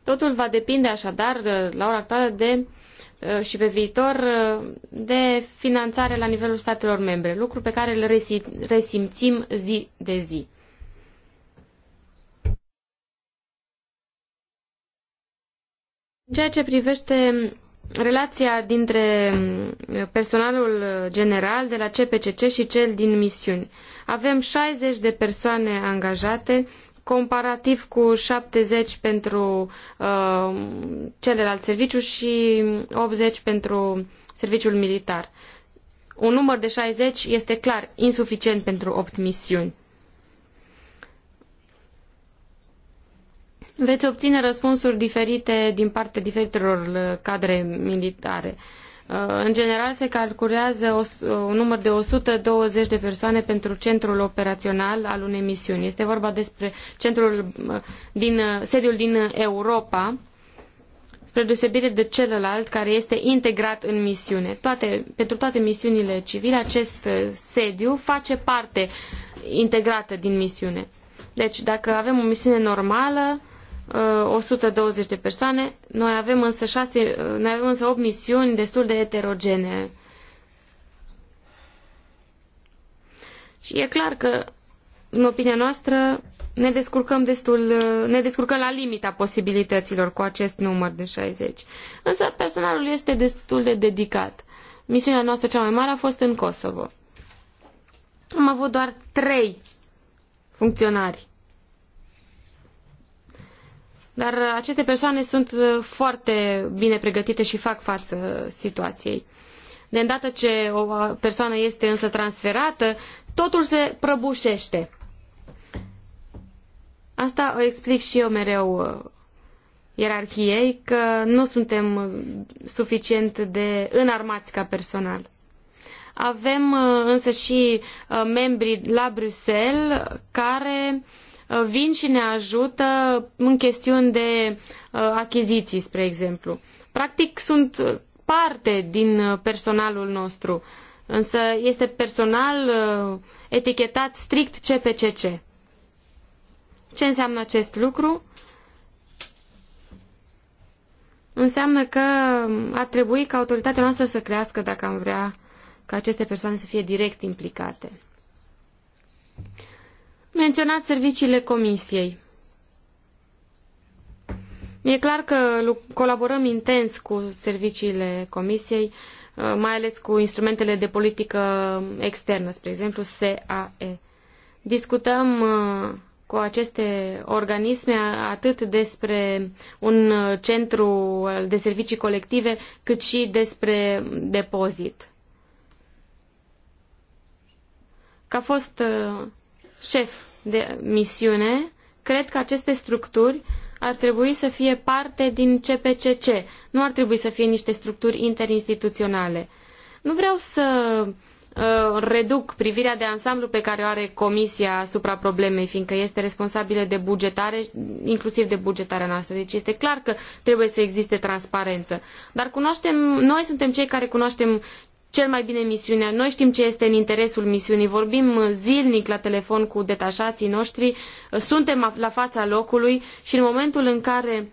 Totul va depinde așadar, la ora actuală, de, uh, și pe viitor, uh, de finanțare la nivelul statelor membre, lucru pe care îl resimțim zi de zi. În ceea ce privește relația dintre mm, personalul general de la CPCC și cel din misiuni. Avem 60 de persoane angajate, comparativ cu 70 pentru uh, celălalt serviciu și 80 pentru serviciul militar. Un număr de 60 este clar insuficient pentru 8 misiuni. veți obține răspunsuri diferite din partea diferitelor uh, cadre militare. Uh, în general se calculează un număr de 120 de persoane pentru centrul operațional al unei misiuni. Este vorba despre centrul uh, din, sediul din Europa, spre deosebire de celălalt care este integrat în misiune. Toate, pentru toate misiunile civile, acest sediu face parte integrată din misiune. Deci, dacă avem o misiune normală, 120 uh, de persoane. Noi avem însă, 6, uh, noi avem însă 8 misiuni destul de eterogene. Și e clar că, în opinia noastră, ne descurcăm destul, uh, ne descurcăm la limita posibilităților cu acest număr de 60. Însă personalul este destul de dedicat. Misiunea noastră cea mai mare a fost în Kosovo. Am avut doar trei funcționari dar aceste persoane sunt uh, foarte bine pregătite și fac față situației. De îndată ce o persoană este însă transferată, totul se prăbușește. Asta o explic și eu mereu uh, ierarhiei, că nu suntem uh, suficient de înarmați ca personal. Avem însă și membri la Bruxelles care uh, Uh, vin și ne ajută în chestiuni de uh, achiziții, spre exemplu. Practic sunt parte din uh, personalul nostru, însă este personal etichetat strict CPCC. Ce înseamnă acest lucru? Înseamnă că ar trebui ca autoritatea noastră să crească dacă am vrea ca aceste persoane să fie direct implicate menționat serviciile comisiei. E clar că colaborăm intens cu serviciile comisiei, uh, mai ales cu instrumentele de politică externă, spre exemplu SAE. Discutăm uh, cu aceste organisme atât despre un centru de servicii colective, cât și despre depozit. Ca fost uh, șef de misiune, cred că aceste structuri ar trebui să fie parte din CPCC, nu ar trebui să fie niște structuri interinstituționale. Nu vreau să uh, reduc privirea de ansamblu pe care o are Comisia asupra problemei, fiindcă este responsabilă de bugetare, inclusiv de bugetarea noastră. Deci este clar că trebuie să existe transparență. Dar cunoaștem, noi suntem cei care cunoaștem cel mai bine misiunea. Noi știm ce este în interesul misiunii. Vorbim uh, zilnic la telefon cu detașații noștri, uh, suntem la fața locului și în momentul în care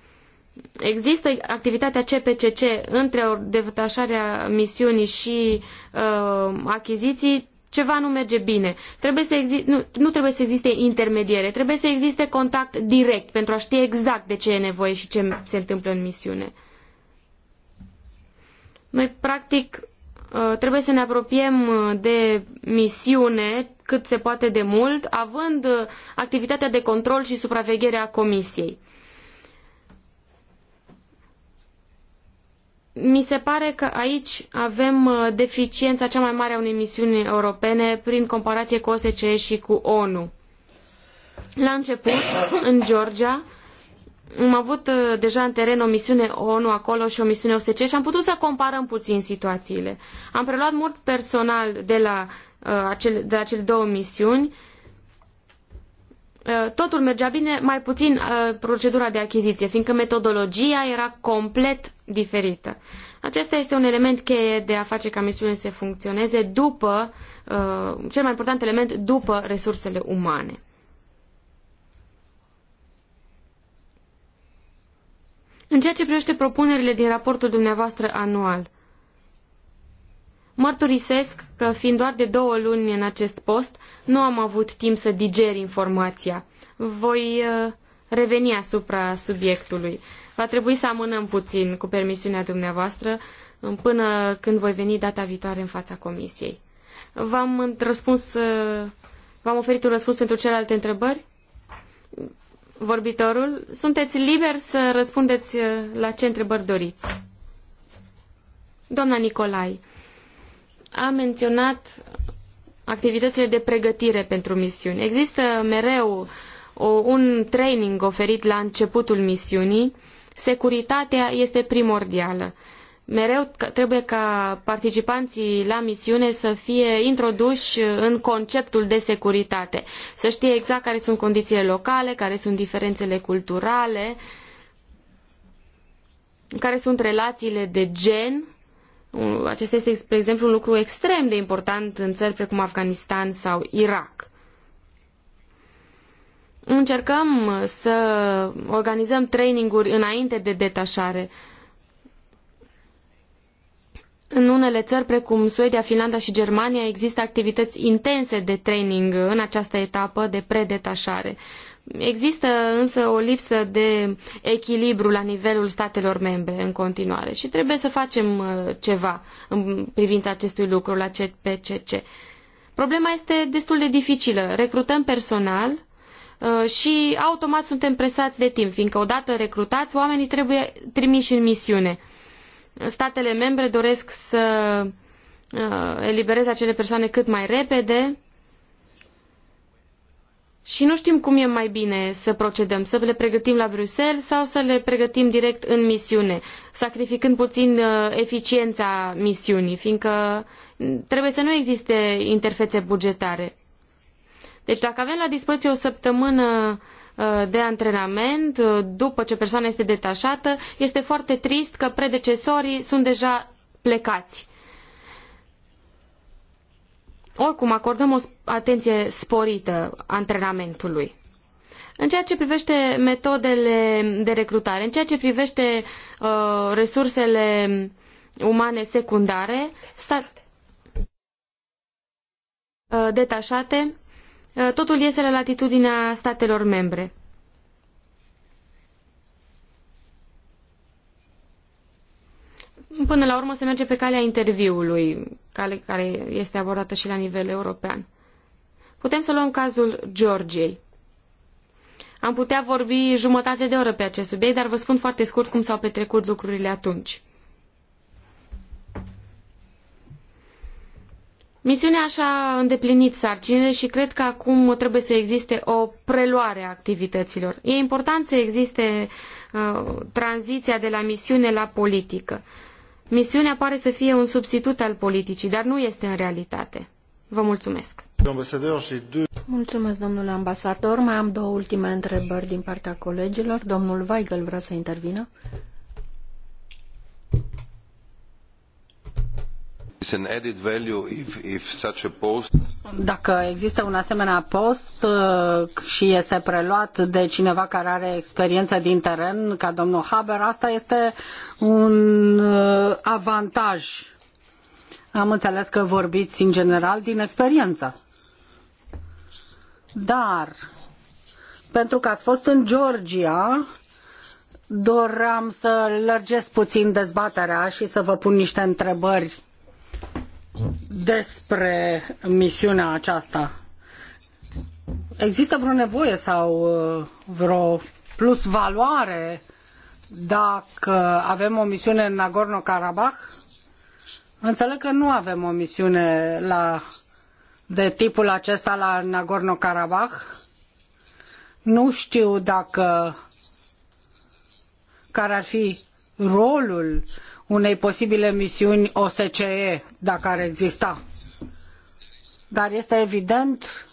există activitatea CPCC între detașarea misiunii și uh, achiziții, ceva nu merge bine. Trebuie să exi- nu, nu trebuie să existe intermediere, trebuie să existe contact direct pentru a ști exact de ce e nevoie și ce se întâmplă în misiune. Noi, practic, Uh, trebuie să ne apropiem uh, de misiune cât se poate de mult, având uh, activitatea de control și supraveghere a Comisiei. Mi se pare că aici avem deficiența cea mai mare a unei misiuni europene prin comparație cu OSCE și cu ONU. La început, în Georgia, am avut uh, deja în teren o misiune ONU acolo și o misiune OSCE și am putut să comparăm puțin situațiile. Am preluat mult personal de la, uh, acele, de la cele două misiuni. Uh, totul mergea bine, mai puțin procedura de achiziție, fiindcă metodologia era complet diferită. Acesta este un element cheie de a face ca misiunile să funcționeze după, cel mai important element, după resursele umane. În ceea ce privește propunerile din raportul dumneavoastră anual, mărturisesc că, fiind doar de două luni în acest post, nu am avut timp să diger informația. Voi uh, reveni asupra subiectului. Va trebui să amânăm puțin, cu permisiunea dumneavoastră, uh, până când voi veni data viitoare în fața comisiei. V-am uh, răspuns, v-am oferit un răspuns pentru celelalte întrebări? vorbitorul. Sunteți liber să răspundeți uh, la ce întrebări doriți. Doamna Nicolai a menționat activitățile de pregătire pentru misiuni. Există mereu o, un training oferit la începutul misiunii. Securitatea este primordială. Uh, mereu trebuie ca participanții la misiune să fie introduși în conceptul de securitate, să știe exact care sunt condițiile locale, care sunt diferențele culturale, care sunt relațiile de gen. Acesta este, spre exemplu, un lucru extrem de important în țări precum Afganistan sau Irak încercăm să organizăm traininguri înainte de detașare. În unele țări, precum Suedia, Finlanda și Germania, există activități intense de training în această etapă de predetașare. Există însă o lipsă de echilibru la nivelul statelor membre în continuare și trebuie să facem uh, ceva în privința acestui lucru la CPCC. Problema este destul de dificilă. Recrutăm personal uh, și automat suntem presați de timp, fiindcă odată recrutați, oamenii trebuie trimiși în misiune statele membre doresc să uh, elibereze acele persoane cât mai repede și nu știm cum e mai bine să procedăm, să le pregătim la Bruxelles sau să le pregătim direct în misiune, sacrificând puțin uh, eficiența misiunii, fiindcă trebuie să nu existe interfețe bugetare. Deci dacă avem la dispoziție o săptămână uh, Uh, de antrenament uh, după ce persoana este detașată, este foarte trist că predecesorii sunt deja plecați. Oricum, acordăm o atenție sporită antrenamentului. În ceea ce privește metodele de recrutare, în ceea ce privește uh, resursele umane secundare, stat, uh, detașate, Eh, totul este la latitudinea statelor membre. Până la urmă se merge pe calea interviului, cale care este abordată și la nivel european. Putem să luăm cazul Georgiei. Am putea vorbi jumătate de oră pe acest subiect, dar vă spun foarte scurt cum s-au petrecut lucrurile atunci. Misiunea așa a îndeplinit sarcinile și cred că acum trebuie să existe o preluare a activităților. E important să existe uh, tranziția de la misiune la politică. Misiunea pare să fie un substitut al politicii, dar nu este în realitate. Vă mulțumesc. Mulțumesc, domnule ambasador. Mai am două ultime întrebări din partea colegilor. Domnul Weigel vrea să intervină. Dacă există un asemenea post uh, și este preluat de cineva care are experiență din teren, ca domnul Haber, asta este un uh, avantaj. Am înțeles că vorbiți în general din experiență. Dar, pentru că ați fost în Georgia, doream să lărgesc puțin dezbaterea și să vă pun niște întrebări despre misiunea aceasta. Există vreo nevoie sau uh, vreo plus valoare dacă avem o misiune în Nagorno-Karabakh? Înțeleg că nu avem o misiune la, de tipul acesta la Nagorno-Karabakh. Nu știu dacă care ar fi rolul unei posibile misiuni OSCE, dacă ar exista. Dar este evident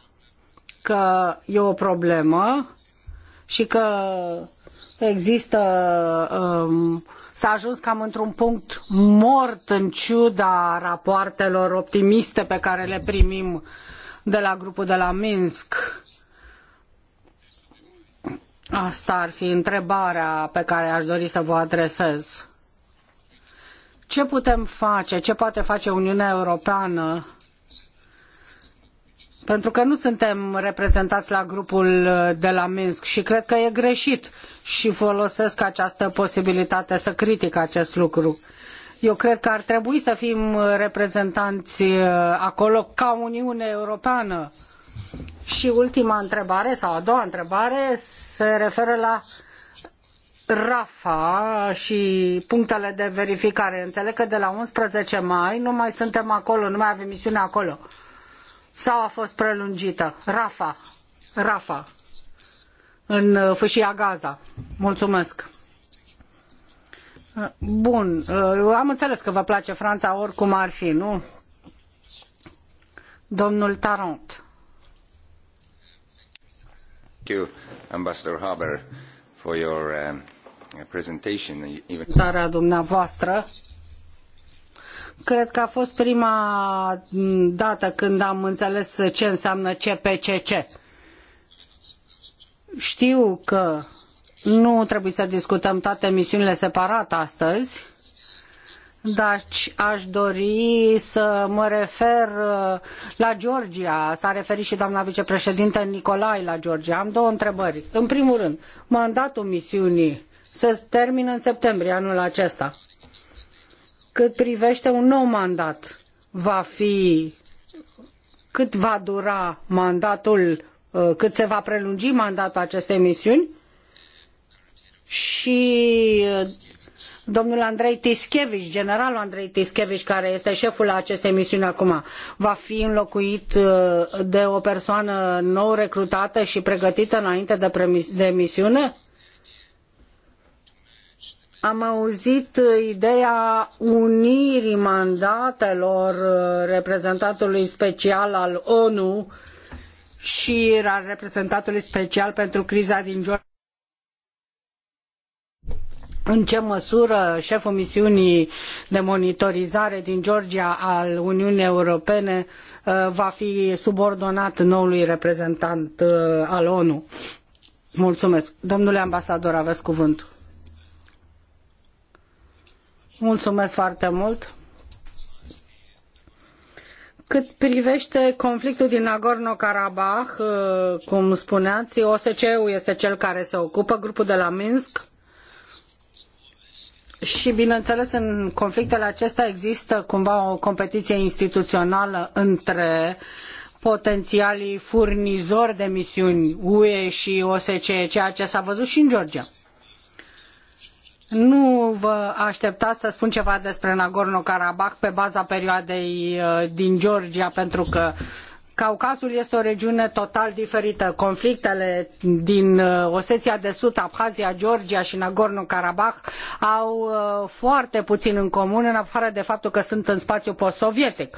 că e o problemă și că există um, s-a ajuns cam într-un punct mort în ciuda rapoartelor optimiste pe care le primim de la grupul de la Minsk. Asta ar fi întrebarea pe care aș dori să vă adresez. Ce putem face, ce poate face Uniunea Europeană pentru că nu suntem reprezentați la grupul de la Minsk și cred că e greșit și folosesc această posibilitate să critic acest lucru. Eu cred că ar trebui să fim reprezentanți uh, acolo ca Uniune Europeană. Și ultima întrebare, sau a doua întrebare, se referă la uh, Rafa și punctele de verificare. Înțeleg că de la 11 mai nu mai suntem acolo, nu mai avem misiune acolo. Sau a fost prelungită? Rafa. Rafa. În uh, fâșia Gaza. Mulțumesc. Uh, bun, uh, am înțeles că vă place Franța oricum ar fi, nu? Domnul Tarant. Thank you, Ambassador Haber, for your um presentation. Even... dumneavoastră. Cred că a fost prima dată când am înțeles ce înseamnă CPCC. Știu că nu trebuie să discutăm toate misiunile separat astăzi, dar aș dori să mă refer la Georgia. S-a referit și doamna vicepreședinte Nicolai la Georgia. Am două întrebări. În primul rând, mandatul misiunii se termină în septembrie anul acesta. Cât privește un nou mandat, va fi cât va dura mandatul, uh, cât se va prelungi mandatul acestei misiuni și uh, domnul Andrei Tischevici, generalul Andrei Tischevici, care este șeful acestei misiuni acum, va fi înlocuit uh, de o persoană nou recrutată și pregătită înainte de, de misiune? Am auzit uh, ideea unirii mandatelor uh, reprezentantului special al ONU și al reprezentantului special pentru criza din Georgia. În ce măsură șeful misiunii de monitorizare din Georgia al Uniunii Europene uh, va fi subordonat noului reprezentant al ONU? Mulțumesc. Domnule ambasador, aveți cuvântul. Mulțumesc foarte mult. Cât privește conflictul din Nagorno-Karabakh, uh, cum spuneați, OSCE-ul este cel care se ocupă, grupul de la Minsk. Și, bineînțeles, în conflictele acestea există cumva o competiție instituțională între potențialii furnizori de misiuni UE și OSCE, ceea ce s-a văzut și în Georgia. Nu vă așteptați să spun ceva despre Nagorno-Karabakh pe baza perioadei uh, din Georgia, pentru că Caucazul este o regiune total diferită. Conflictele din uh, Osetia de Sud, Abhazia, Georgia și Nagorno-Karabakh au uh, foarte puțin în comun, în afară de faptul că sunt în spațiu post-sovietic.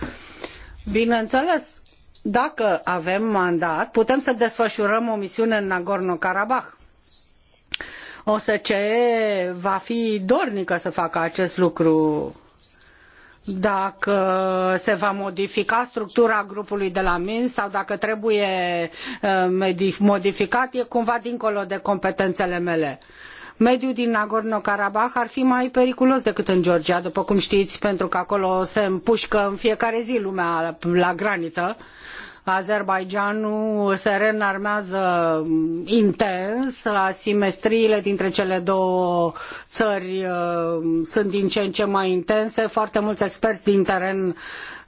Bineînțeles, dacă avem mandat, putem să desfășurăm o misiune în Nagorno-Karabakh OSCE va fi dornică să facă acest lucru dacă se va modifica structura grupului de la Minsk sau dacă trebuie uh, modificat, e cumva dincolo de competențele mele. Mediul din Nagorno-Karabakh ar fi mai periculos decât în Georgia, după cum știți, pentru că acolo se împușcă în fiecare zi lumea la graniță Azerbaijanul se reînarmează mm, intens, asimetriile dintre cele două țări uh, sunt din ce în ce mai intense, foarte mulți experți din teren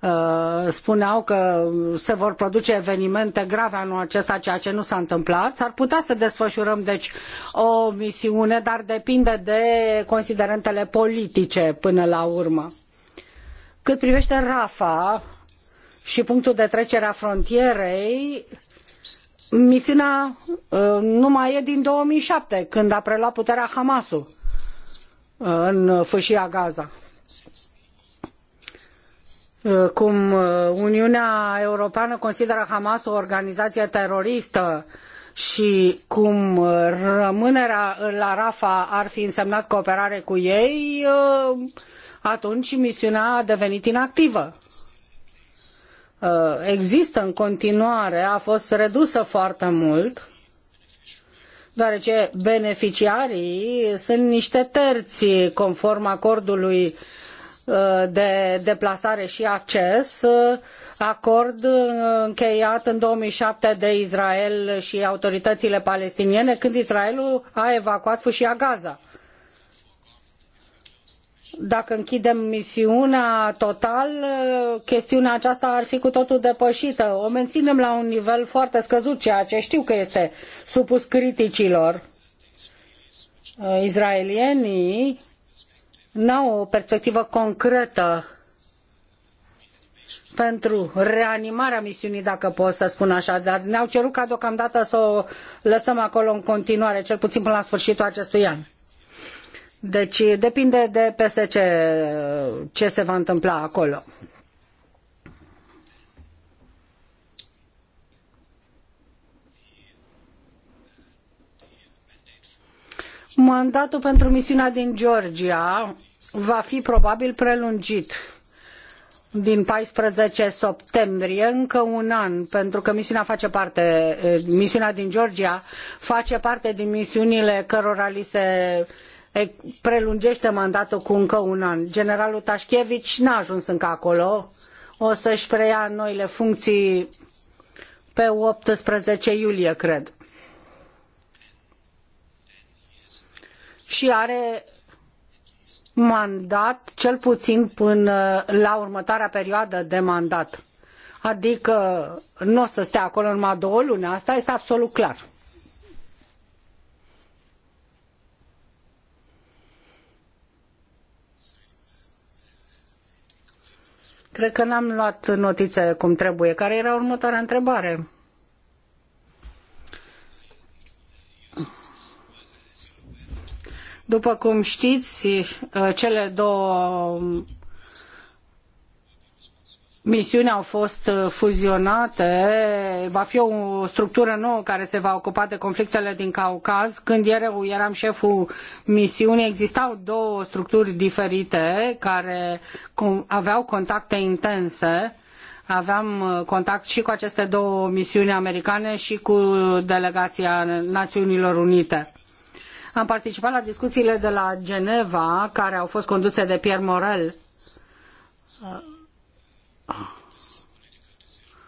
uh, spuneau că se vor produce evenimente grave anul acesta, ceea ce nu s-a întâmplat. S-ar putea să desfășurăm, deci, o misiune, dar depinde de considerentele politice până la urmă. Cât privește Rafa, și punctul de trecere a frontierei, misiunea uh, nu mai e din 2007, când a preluat puterea Hamasul uh, în fâșia Gaza. Uh, cum Uniunea Europeană consideră Hamas o organizație teroristă și cum rămânerea la Rafa ar fi însemnat cooperare cu ei, atunci misiunea a devenit inactivă. Uh, există în continuare, a fost redusă foarte mult, deoarece beneficiarii sunt niște terți conform acordului uh, de deplasare și acces, uh, acord încheiat în 2007 de Israel și autoritățile palestiniene, când Israelul a evacuat fâșia Gaza dacă închidem misiunea total, chestiunea aceasta ar fi cu totul depășită. O menținem la un nivel foarte scăzut, ceea ce știu că este supus criticilor. Uh, Israelienii n-au o perspectivă concretă pentru reanimarea misiunii, dacă pot să spun așa, dar ne-au cerut ca deocamdată să o lăsăm acolo în continuare, cel puțin până la sfârșitul acestui an. Deci depinde de peste ce ce se va întâmpla acolo. Mandatul pentru misiunea din Georgia va fi probabil prelungit din 14 septembrie, încă un an, pentru că misiunea face parte, eh, misiunea din Georgia face parte din misiunile cărora li se prelungește mandatul cu încă un an. Generalul Tașchevici n-a ajuns încă acolo, o să-și preia noile funcții pe 18 iulie, cred. Și are mandat cel puțin până la următoarea perioadă de mandat. Adică nu o să stea acolo numai două luni, asta este absolut clar. Cred că n-am luat notițe cum trebuie. Care era următoarea întrebare? După cum știți, cele două misiunea au fost uh, fuzionate, va fi o structură nouă care se va ocupa de conflictele din Caucaz. Când eu eram șeful misiunii, existau două structuri diferite care aveau contacte intense. Aveam uh, contact și cu aceste două misiuni americane și cu delegația Națiunilor Unite. Am participat la discuțiile de la Geneva, care au fost conduse de Pierre Morel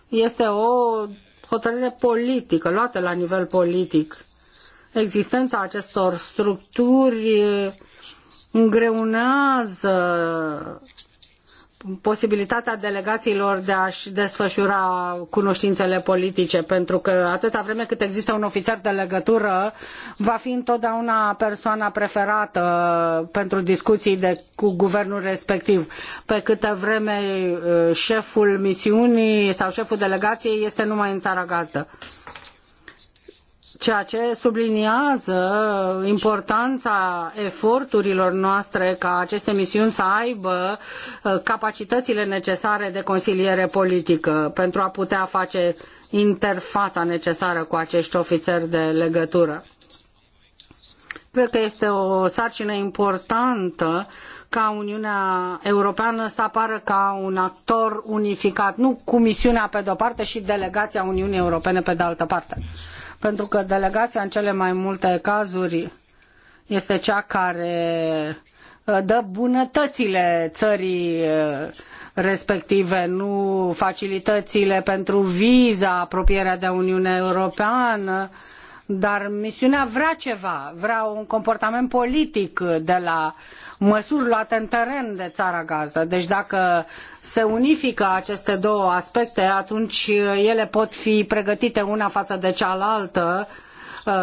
este o hotărâre politică, luată la nivel politic. Existența acestor structuri îngreunează posibilitatea delegațiilor de a-și desfășura cunoștințele politice, pentru că atâta vreme cât există un ofițer de legătură, va fi întotdeauna persoana preferată pentru discuții de, cu guvernul respectiv. Pe câtă vreme eh, șeful misiunii sau șeful delegației este numai în țara gazdă ceea ce subliniază importanța eforturilor noastre ca aceste misiuni să aibă uh, capacitățile necesare de consiliere politică pentru a putea face interfața necesară cu acești ofițeri de legătură. Cred că este o sarcină importantă ca Uniunea Europeană să apară ca un actor unificat, nu cu misiunea pe de-o parte și delegația Uniunii Europene pe de altă parte pentru că delegația în cele mai multe cazuri este cea care uh, dă bunătățile țării uh, respective, nu facilitățile pentru viza, apropierea de Uniunea Europeană, dar misiunea vrea ceva, vrea un comportament politic de la uh, măsuri luate în teren de țara gazdă. Deci dacă se unifică aceste două aspecte, atunci uh, ele pot fi pregătite una față de cealaltă, uh,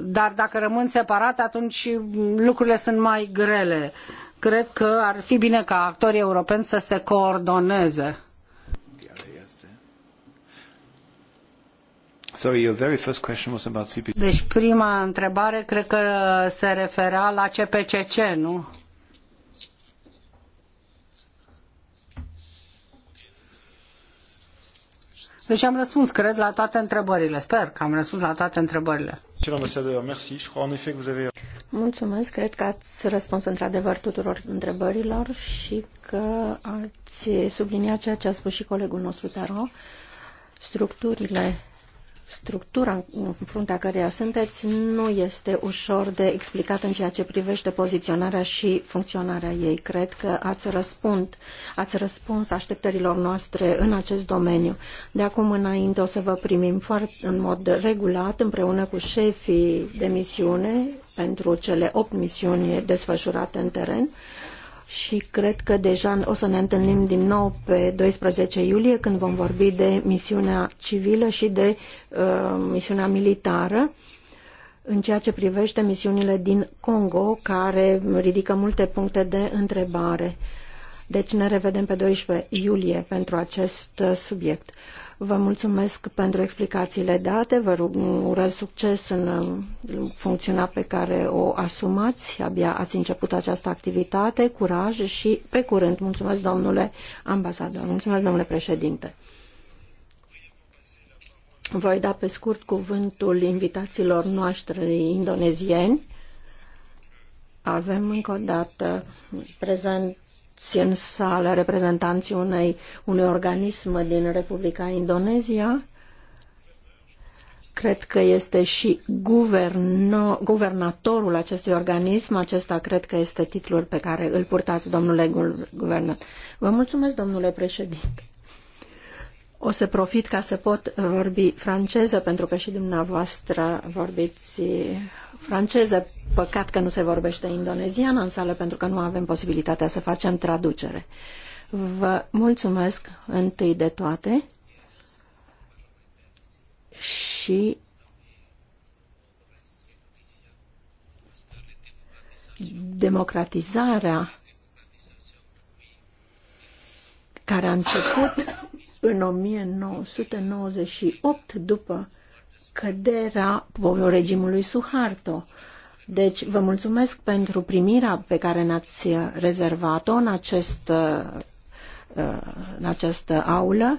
dar dacă rămân separate, atunci mm, lucrurile sunt mai grele. Cred că ar fi bine ca actorii europeni să se coordoneze. Deci prima întrebare cred că se referea la CPCC, nu? Deci am răspuns, cred, la toate întrebările. Sper că am răspuns la toate întrebările. Mulțumesc, cred că ați răspuns într-adevăr tuturor întrebărilor și că ați subliniat ceea ce a spus și colegul nostru Taro. Structurile structura în fruntea căreia sunteți nu este ușor de explicat în ceea ce privește poziționarea și funcționarea ei. Cred că ați, răspund, ați răspuns așteptărilor noastre în acest domeniu. De acum înainte o să vă primim foarte, în mod regulat împreună cu șefii de misiune pentru cele opt misiuni desfășurate în teren și cred că deja o să ne întâlnim din nou pe 12 iulie când vom vorbi de misiunea civilă și de uh, misiunea militară în ceea ce privește misiunile din Congo, care ridică multe puncte de întrebare. Deci ne revedem pe 12 iulie pentru acest uh, subiect. Vă mulțumesc pentru explicațiile date, vă rug, urez succes în funcțiunea pe care o asumați. Abia ați început această activitate, curaj și pe curând. Mulțumesc, domnule ambasador, mulțumesc, domnule președinte. Voi da pe scurt cuvântul invitațiilor noștri indonezieni. Avem încă o dată prezent toți în sală reprezentanții unei, unui organism din Republica Indonezia. Cred că este și guverno, guvernatorul acestui organism. Acesta cred că este titlul pe care îl purtați, domnule guvernat. Vă mulțumesc, domnule președinte. O să profit ca să pot vorbi franceză, pentru că și dumneavoastră vorbiți franceză. Păcat că nu se vorbește indoneziană în sală pentru că nu avem posibilitatea să facem traducere. Vă mulțumesc întâi de toate și democratizarea care a început în 1998 după căderea regimului Suharto. Deci vă mulțumesc pentru primirea pe care ne-ați rezervat-o în, acest, uh, în această aulă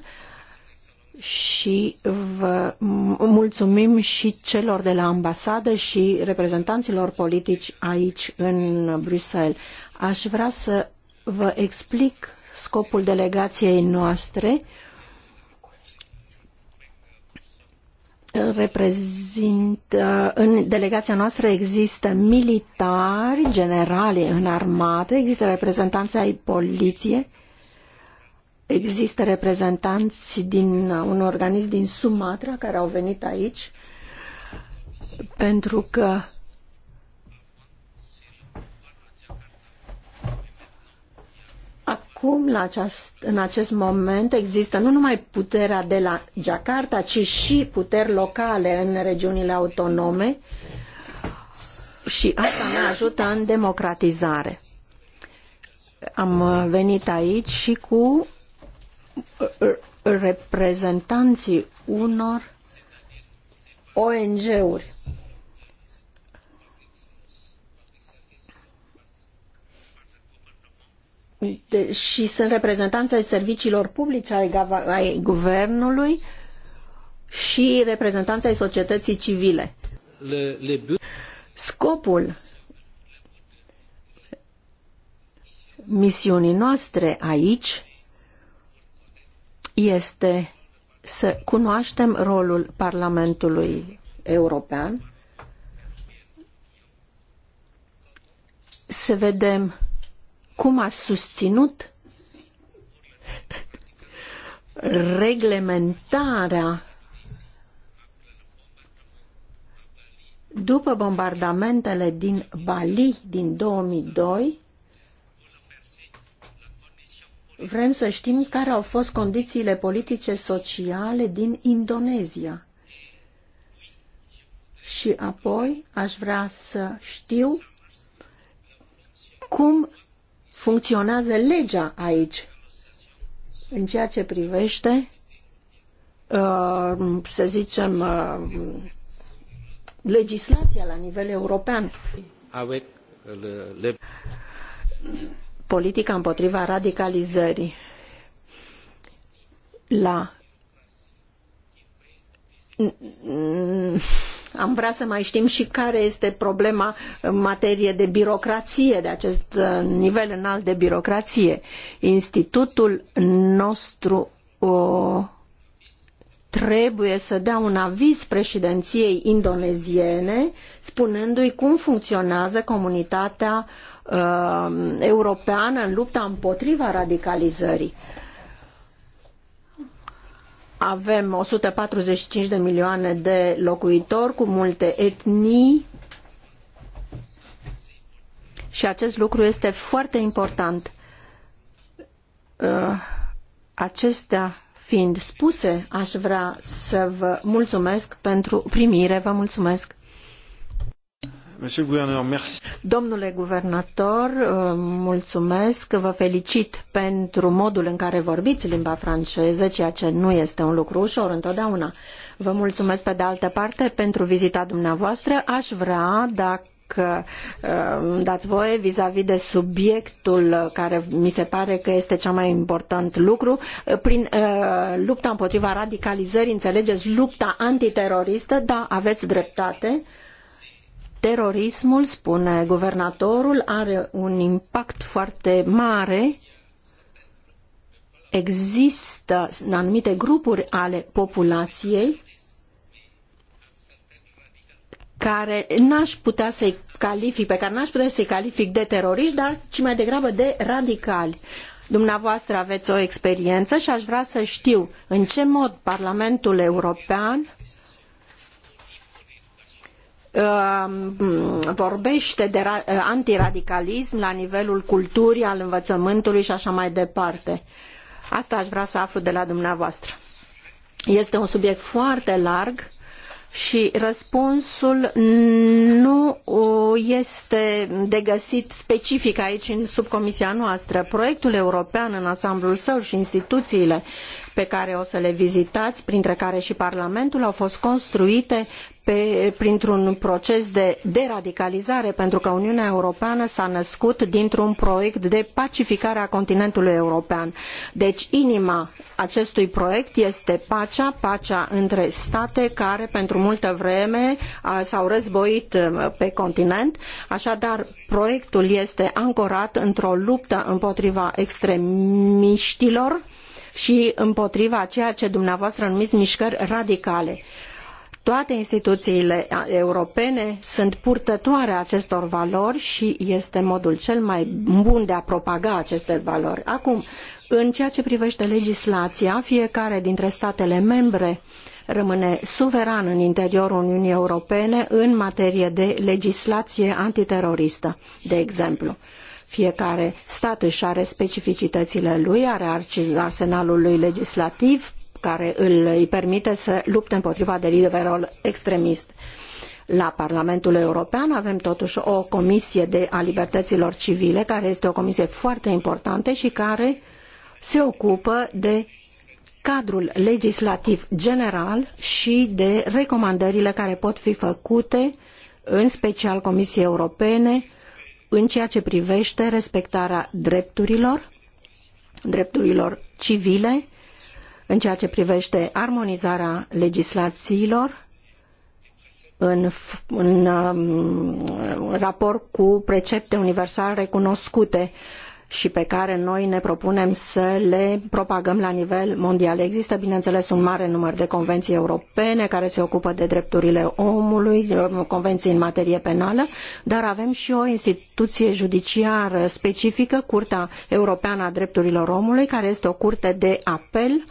și vă mulțumim și celor de la ambasadă și reprezentanților politici aici în Bruxelles. Aș vrea să vă explic scopul delegației noastre uh, Uh, în delegația noastră există militari, generali în armată, există reprezentanți ai poliției, există reprezentanți din uh, un organism din Sumatra care au venit aici pentru că Acum, la aceast, în acest moment, există nu numai puterea de la Jakarta, ci și puteri locale în regiunile autonome și asta ne ajută în democratizare. Am venit aici și cu uh, uh, reprezentanții unor ONG-uri de, și sunt reprezentanți ai serviciilor publice, ai, ai guvernului și reprezentanți ai societății civile. Le, le... Scopul misiunii noastre aici este să cunoaștem rolul Parlamentului European, să vedem cum a susținut reglementarea după bombardamentele din Bali din 2002, vrem să știm care au fost condițiile politice sociale din Indonezia. Și apoi aș vrea să știu cum funcționează legea aici în ceea ce privește, uh, să zicem, uh, legislația la nivel european. Politica împotriva radicalizării la am vrea să mai știm și care este problema în materie de birocrație, de acest uh, nivel înalt de birocrație. Institutul nostru o, trebuie să dea un aviz președinției indoneziene, spunându-i cum funcționează comunitatea uh, europeană în lupta împotriva radicalizării. Avem 145 de milioane de locuitori cu multe etnii și acest lucru este foarte important. Uh, acestea fiind spuse, aș vrea să vă mulțumesc pentru primire, vă mulțumesc. Domnule guvernator, uh, mulțumesc, vă felicit pentru modul în care vorbiți limba franceză, ceea ce nu este un lucru ușor întotdeauna. Vă mulțumesc pe de altă parte pentru vizita dumneavoastră. Aș vrea, dacă uh, dați voie vis-a-vis de subiectul care mi se pare că este cel mai important lucru, uh, prin lupta împotriva radicalizării, înțelegeți, lupta antiteroristă, da, aveți dreptate, Terorismul, spune guvernatorul, are un impact foarte mare. Există anumite grupuri ale populației care n-aș putea să-i calific, pe care n-aș putea să-i calific de teroriști, dar ci mai degrabă de radicali. Dumneavoastră aveți o experiență și aș vrea să știu în ce mod Parlamentul European Uh, vorbește de uh, antiradicalism la nivelul culturii, al învățământului și așa mai departe. Asta aș vrea să aflu de la dumneavoastră. Este un subiect foarte larg și răspunsul nu uh, este de găsit specific aici în subcomisia noastră. Proiectul european în ansamblul său și instituțiile pe care o să le vizitați, printre care și Parlamentul, au fost construite printr-un proces de deradicalizare, pentru că Uniunea Europeană s-a născut dintr-un proiect de pacificare a continentului european. Deci inima acestui proiect este pacea, pacea între state care pentru multă vreme s-au războit pe continent. Așadar, proiectul este ancorat într-o luptă împotriva extremiștilor, și împotriva ceea ce dumneavoastră numiți mișcări radicale. Toate instituțiile europene sunt purtătoare acestor valori și este modul cel mai bun de a propaga aceste valori. Acum, în ceea ce privește legislația, fiecare dintre statele membre rămâne suveran în interiorul Uniunii Europene în materie de legislație antiteroristă, de exemplu. Fiecare stat își are specificitățile lui, are arsenalul lui legislativ care îl, îi permite să lupte împotriva deliverul extremist. La Parlamentul European avem totuși o comisie de, a libertăților civile, care este o comisie foarte importantă și care se ocupă de cadrul legislativ general și de recomandările care pot fi făcute, în special Comisiei Europene, uh, în ceea ce privește respectarea drepturilor, drepturilor civile, în ceea ce privește armonizarea legislațiilor în, în, um, în raport cu precepte universal recunoscute și pe care noi ne propunem să le propagăm la nivel mondial. Există, bineînțeles, un mare număr de convenții europene care se ocupă de drepturile omului, um, convenții în materie penală, dar avem și o instituție judiciară specifică, Curtea Europeană a Drepturilor Omului, care este o curte de apel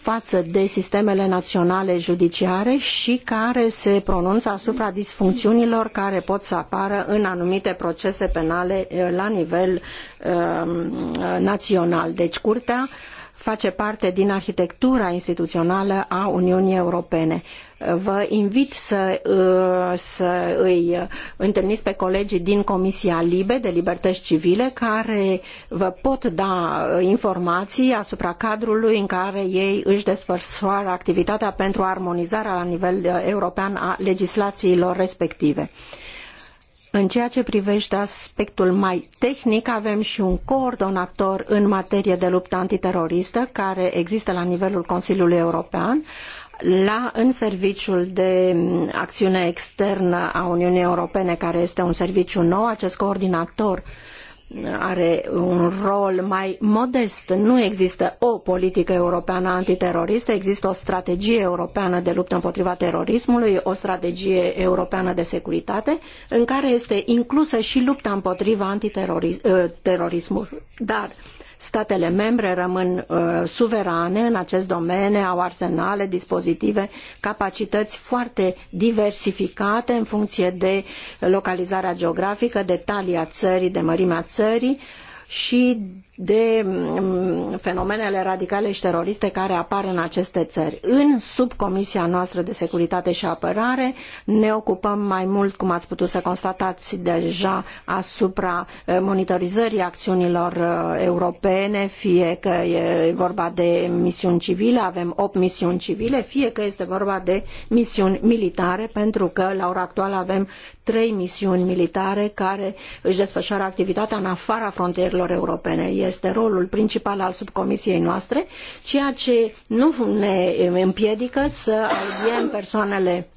față de sistemele naționale judiciare și care se pronunță asupra disfuncțiunilor care pot să apară în anumite procese penale eh, la nivel ehm, național. Deci Curtea face parte din arhitectura instituțională a Uniunii Europene. Vă invit să, uh, să îi întâlniți pe colegii din Comisia Libe de Libertăți Civile care vă pot da informații asupra cadrului în care ei își desfășoară activitatea pentru armonizarea la nivel uh, european a legislațiilor respective. În ceea ce privește aspectul mai tehnic, avem și un coordonator în materie de luptă antiteroristă care există la nivelul Consiliului European. Uh, la, în serviciul de acțiune externă a Uniunii Europene, care este un serviciu nou, acest coordinator are un rol mai modest. Nu există o politică europeană antiteroristă, există o strategie europeană de luptă împotriva terorismului, o strategie europeană de securitate, în care este inclusă și lupta împotriva antiterorismului. Eh, Antiterori Dar Statele membre rămân uh, suverane în acest domeniu, au arsenale, dispozitive, capacități foarte diversificate în funcție de localizarea geografică, de talia țării, de mărimea țării și de mm, fenomenele radicale și teroriste care apar în aceste țări. În subcomisia noastră de securitate și apărare ne ocupăm mai mult, cum ați putut să constatați deja, asupra eh, monitorizării acțiunilor eh, europene, fie că e vorba de misiuni civile, avem opt misiuni civile, fie că este vorba de misiuni militare, pentru că la ora actuală avem trei misiuni militare care își desfășoară activitatea în afara frontierelor europene. Este este rolul principal al subcomisiei noastre, ceea ce nu ne împiedică să audiem persoanele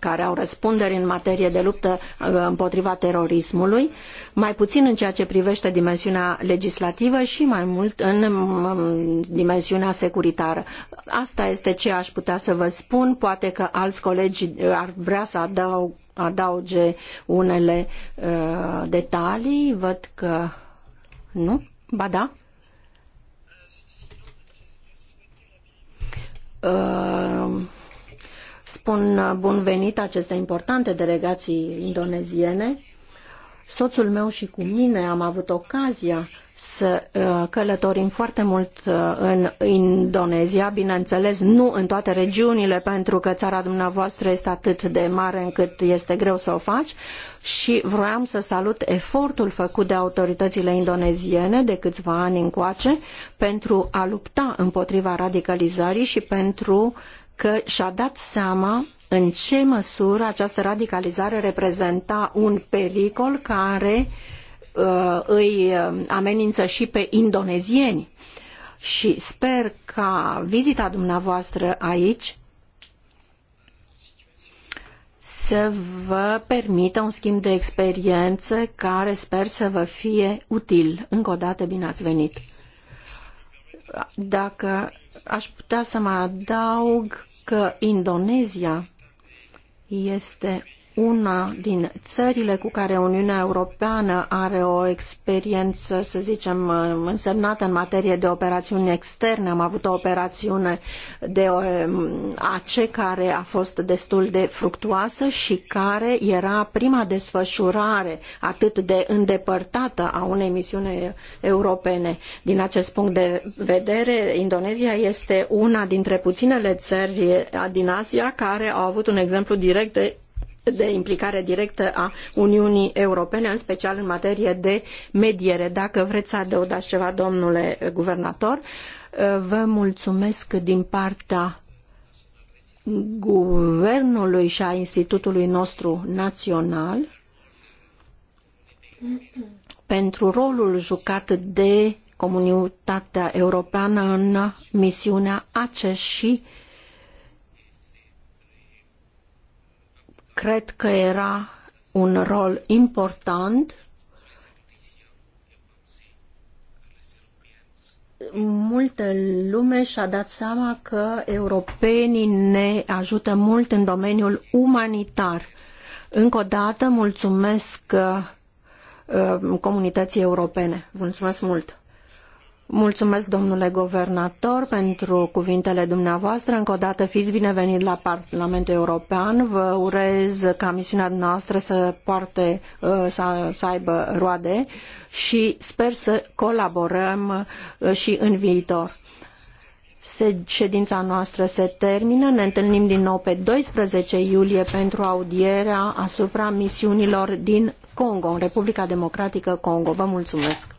care au răspundere în materie de luptă uh, împotriva terorismului, mai puțin în ceea ce privește dimensiunea legislativă și mai mult în um, um, dimensiunea securitară. Asta este ce aș putea să vă spun, poate că alți colegi uh, ar vrea să adaug, adauge unele uh, detalii, văd că nu. Ba da. Uh, spun bun venit aceste importante delegații indoneziene Soțul meu și cu mine am avut ocazia să uh, călătorim foarte mult uh, în Indonezia, bineînțeles nu în toate regiunile, pentru că țara dumneavoastră este atât de mare încât este greu să o faci și vroiam să salut efortul făcut de autoritățile indoneziene de câțiva ani încoace pentru a lupta împotriva radicalizării și pentru că și-a dat seama în ce măsură această radicalizare reprezenta un pericol care uh, îi uh, amenință și pe indonezieni. Și sper ca vizita dumneavoastră aici să vă permită un schimb de experiențe care sper să vă fie util. Încă o dată bine ați venit. Dacă aș putea să mai adaug că Indonezia este una din țările cu care Uniunea Europeană are o experiență, să zicem, însemnată în materie de operațiuni externe. Am avut o operațiune de um, AC care a fost destul de fructuoasă și care era prima desfășurare atât de îndepărtată a unei misiuni europene. Din acest punct de vedere, Indonezia este una dintre puținele țări din Asia care au avut un exemplu direct de de implicare directă a Uniunii Europene, în special în materie de mediere. Dacă vreți să adăugați ceva, domnule guvernator, vă mulțumesc din partea guvernului și a institutului nostru național pentru rolul jucat de comunitatea europeană în misiunea ACE și Cred că era un rol important multă lume și-a dat seama că europenii ne ajută mult în domeniul umanitar. Încă o dată mulțumesc uh, uh, comunității europene. Mulțumesc mult! Mulțumesc, domnule guvernator, pentru cuvintele dumneavoastră. Încă o dată fiți binevenit la Parlamentul European. Vă urez ca misiunea noastră să, poarte, uh, să, să aibă roade și sper să colaborăm uh, și în viitor. Ședința noastră se termină. Ne întâlnim din nou pe 12 iulie pentru audierea asupra misiunilor din Congo, în Republica Democratică Congo. Vă mulțumesc!